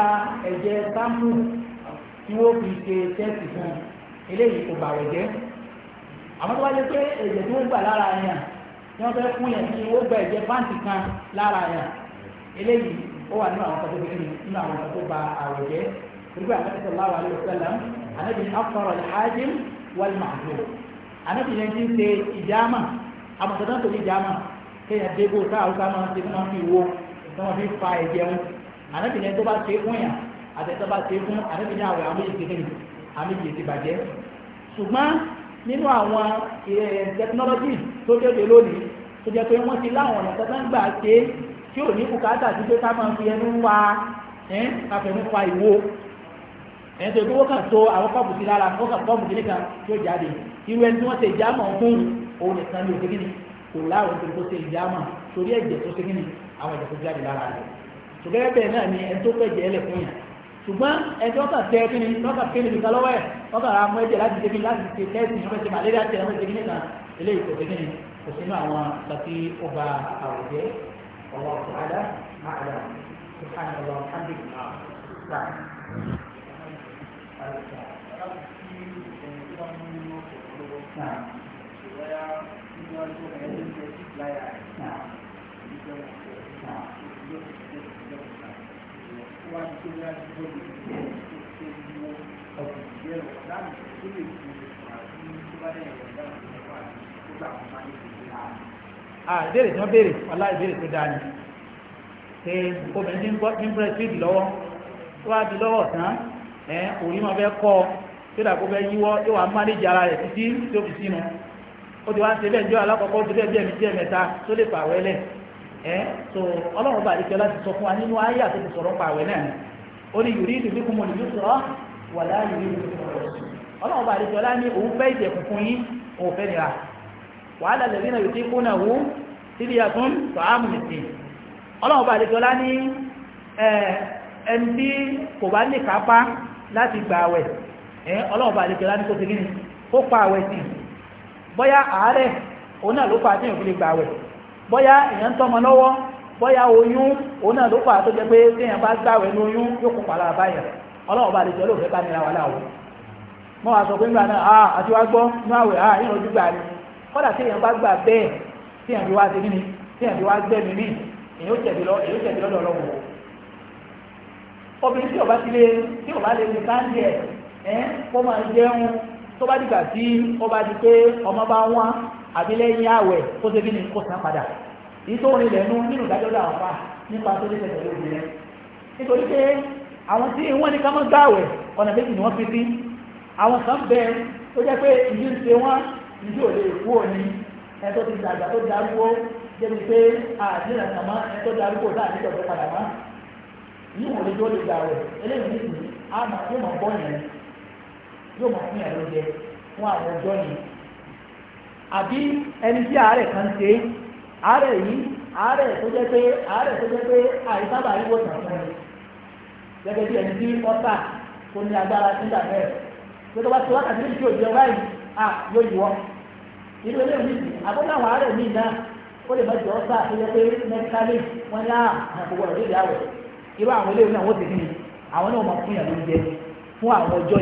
ẹ̀jẹ̀ sámú tí wọ́n fi ṣe tẹ́sì fún eléyìí kò bàwẹ̀ jẹ́ àmọ́ tó wáyé pé ẹ̀jẹ̀ tí wọ́n gbà lára ẹ̀yàn wọ́n fẹ́ fún yẹn ní ó gba ẹ̀jẹ̀ pàǹtì kan lára yẹn eléyìí ó wà nínú àwọn kan tó fi kíni nínú àwọn kan tó ba àwẹ̀ jẹ́ rúgbà àti sallallahu alaihi wasallam anabi afọrọ alhajim wal mahzum anabi yẹn ti ń ṣe ìjàmà àmọ̀tẹ́tẹ́ tó ní ìjàmà kéèyàn dégò táà ó sáà máa ti máa fi wo tí wọ́n fi fa ẹ̀jẹ̀ wọn anabi yẹn tó bá ṣe fún yàn àtẹ̀tọ́ bá ṣe fún anabi yẹn àwẹ̀ àmì nínú àwọn eh, technology tó dédé lónìí tó jẹ́ pé wọ́n ti láwọn ọ̀nà tó ń gbà ṣe tí ò ní bùkátà sí pé ká máa fi ẹnu wa àfẹnú eh, fa ìwo ẹ̀ eh, tó gbówó kan tó àwọn kọ́ọ̀bù sí lára ó kàn kọ́ọ̀bù sí nìkan tí ó jáde irú ẹni tí wọ́n ṣe ìjámọ̀ fún òun nìkan ní òṣèlú ni kò láwọn tó ṣe ìjámọ̀ torí ẹ̀jẹ̀ tó ṣe kí ni àwọn ẹ̀jẹ̀ tó jáde lára rẹ̀ ṣùgbọ́n bẹ́ẹ̀ náà ni ẹni tó fẹ́ jẹ́ ẹlẹ́kùn yàn ṣùgbọ́n ẹjọ́ kan tẹ kí ni lọ́kà kí ni nìkan lọ́wọ́ ẹ̀ lọ́kà ara mú ẹ̀jẹ̀ láti tẹ́kí láti tẹ́ tẹ́sí ìfẹ́ ti malaria tẹ̀ lọ́wọ́ tẹ́kí nìkan eléyìí kò ni kò sí inú àwọn àti ọba àwùjẹ ọwọ́ ọ̀dà àdà ìfàyàn lọ kábí Ah, ìbéèrè tí wọ́n béèrè ọlá ìbéèrè tó dáa ni ṣe obìnrin tí ń bẹ̀rẹ̀ síìdì lọ́wọ́ tó wá di lọ́wọ́ tán ẹ̀ òní máa fẹ́ kọ́ ọ tó dà kó fẹ́ yíwọ́ yóò wá mánéjì ara rẹ̀ títí tó fi sínú ó ti wá ń ṣe bẹ́ẹ̀ jọ alákọ̀ọ́kọ́ tó bẹ́ẹ̀ bí ẹ̀mí jẹ́ mẹ́ta tó lè fà wẹ́lẹ̀ ẹ so ọlọ́run bá láti sọ fún wa nínú ayé àti ìsọ̀rọ̀ pa àwẹ̀ náà ó ní yùrí ìdùbí kún mo nìyí wà láàyè fún yín òun fẹ́ nira kún náà wú ọlọ́run bá láti ẹni tí kò bá ní kápá láti gba àwẹ̀ ẹ ọlọ́run bá ni pa àwẹ̀ sí àárẹ̀ òun náà ló pa bọ́yá èyàn tọ́mọ lọ́wọ́ bọ́yá oyún òun náà ló fà tó jẹ́ pé téèyàn bá gbàwẹ̀ ní oyún yóò kó pàlà báyà ọlọ́run bá lè jẹ́ lóòfẹ́ ká nira wà láwọ̀ mọ́ wa sọ pé nígbà náà ah, àti wá gbọ́ ní àwẹ̀ à ìrìn ojú gbà ní kọ́dà téèyàn bá gbà bẹ́ẹ̀ téèyàn fi wá ṣe kíni téèyàn fi wá gbẹ́mí mí èyàn ó jẹ̀bi lọ́dọ̀ ọlọ́run obìnrin tí ò bá ti lè tí ò bá lè ní káńdì ẹ̀ kó máa jẹun tó bá dìgbà tí ó bá di pé ọmọ bá wọ́n àbí lẹ́yìn àwẹ̀ kó ṣe kíni kó san padà èyí tó rìn lẹ́nu nínú ìdájọ́ dà wà nípa tó dé tẹ̀lé òbí rẹ̀ nítorí pé àwọn tí wọ́n ní ká mọ́ gbà àwẹ̀ ọ̀nà méjì ni wọ́n fi sí àwọn kan bẹ tó jẹ́ pé ìyí ń ṣe wọ́n ìdí ò lè kú òní ẹ tó ti dàgbà tó darúgbó débi pé àdínà tàmá ẹ tó darúgbó náà nígbà tó padà mọ́ yíwọ̀n lójú ó lè gbà àwẹ̀ eléyìí ní ìsìn á máa yóò máa bọ́ yẹn yóò mọ̀ fún ìyàwó jẹ fún àwọn ọjọ́ yìí àbí ẹni tí àárẹ̀ kan ṣe àárẹ̀ yìí àárẹ̀ tó jẹ́ pé àárẹ̀ tó jẹ́ pé àìsábà yíwò tàn fún mi gẹ́gẹ́ bí ẹni tí ọ́tà tó ní agbára nígbà bẹ́ẹ̀ gbogbo ti à yóò mi àbúrò àwọn àárẹ̀ mi náà ó lè ọ́tà tó jẹ́ pé wọ́n irú àwọn náà wọ́n ti fi àwọn náà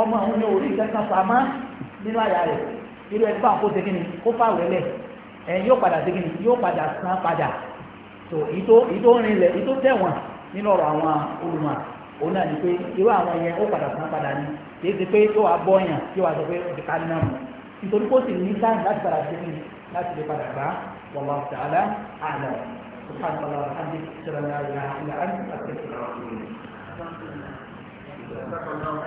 ọmọ àwọn ní orí ìkẹ́kàn pamá nínú àyà rẹ̀ irú ẹgbẹ́ àwọn kó ṣe kíni kó fàwẹ́ lẹ̀ ẹ̀ yóò padà ṣe kíni yóò padà san padà tó ìtó ìtó rin lẹ̀ ìtó tẹ̀wọ̀n nínú ọ̀rọ̀ àwọn olùmọ̀ òun náà ni pé irú àwọn yẹn ó padà san padà ni kì í ṣe pé yóò wá bọ́ yàn yóò wá sọ pé òkè ká nínú àmọ́ nítorí kó sì ní sáà láti padà ṣe láti lè padà gbá والله تعالى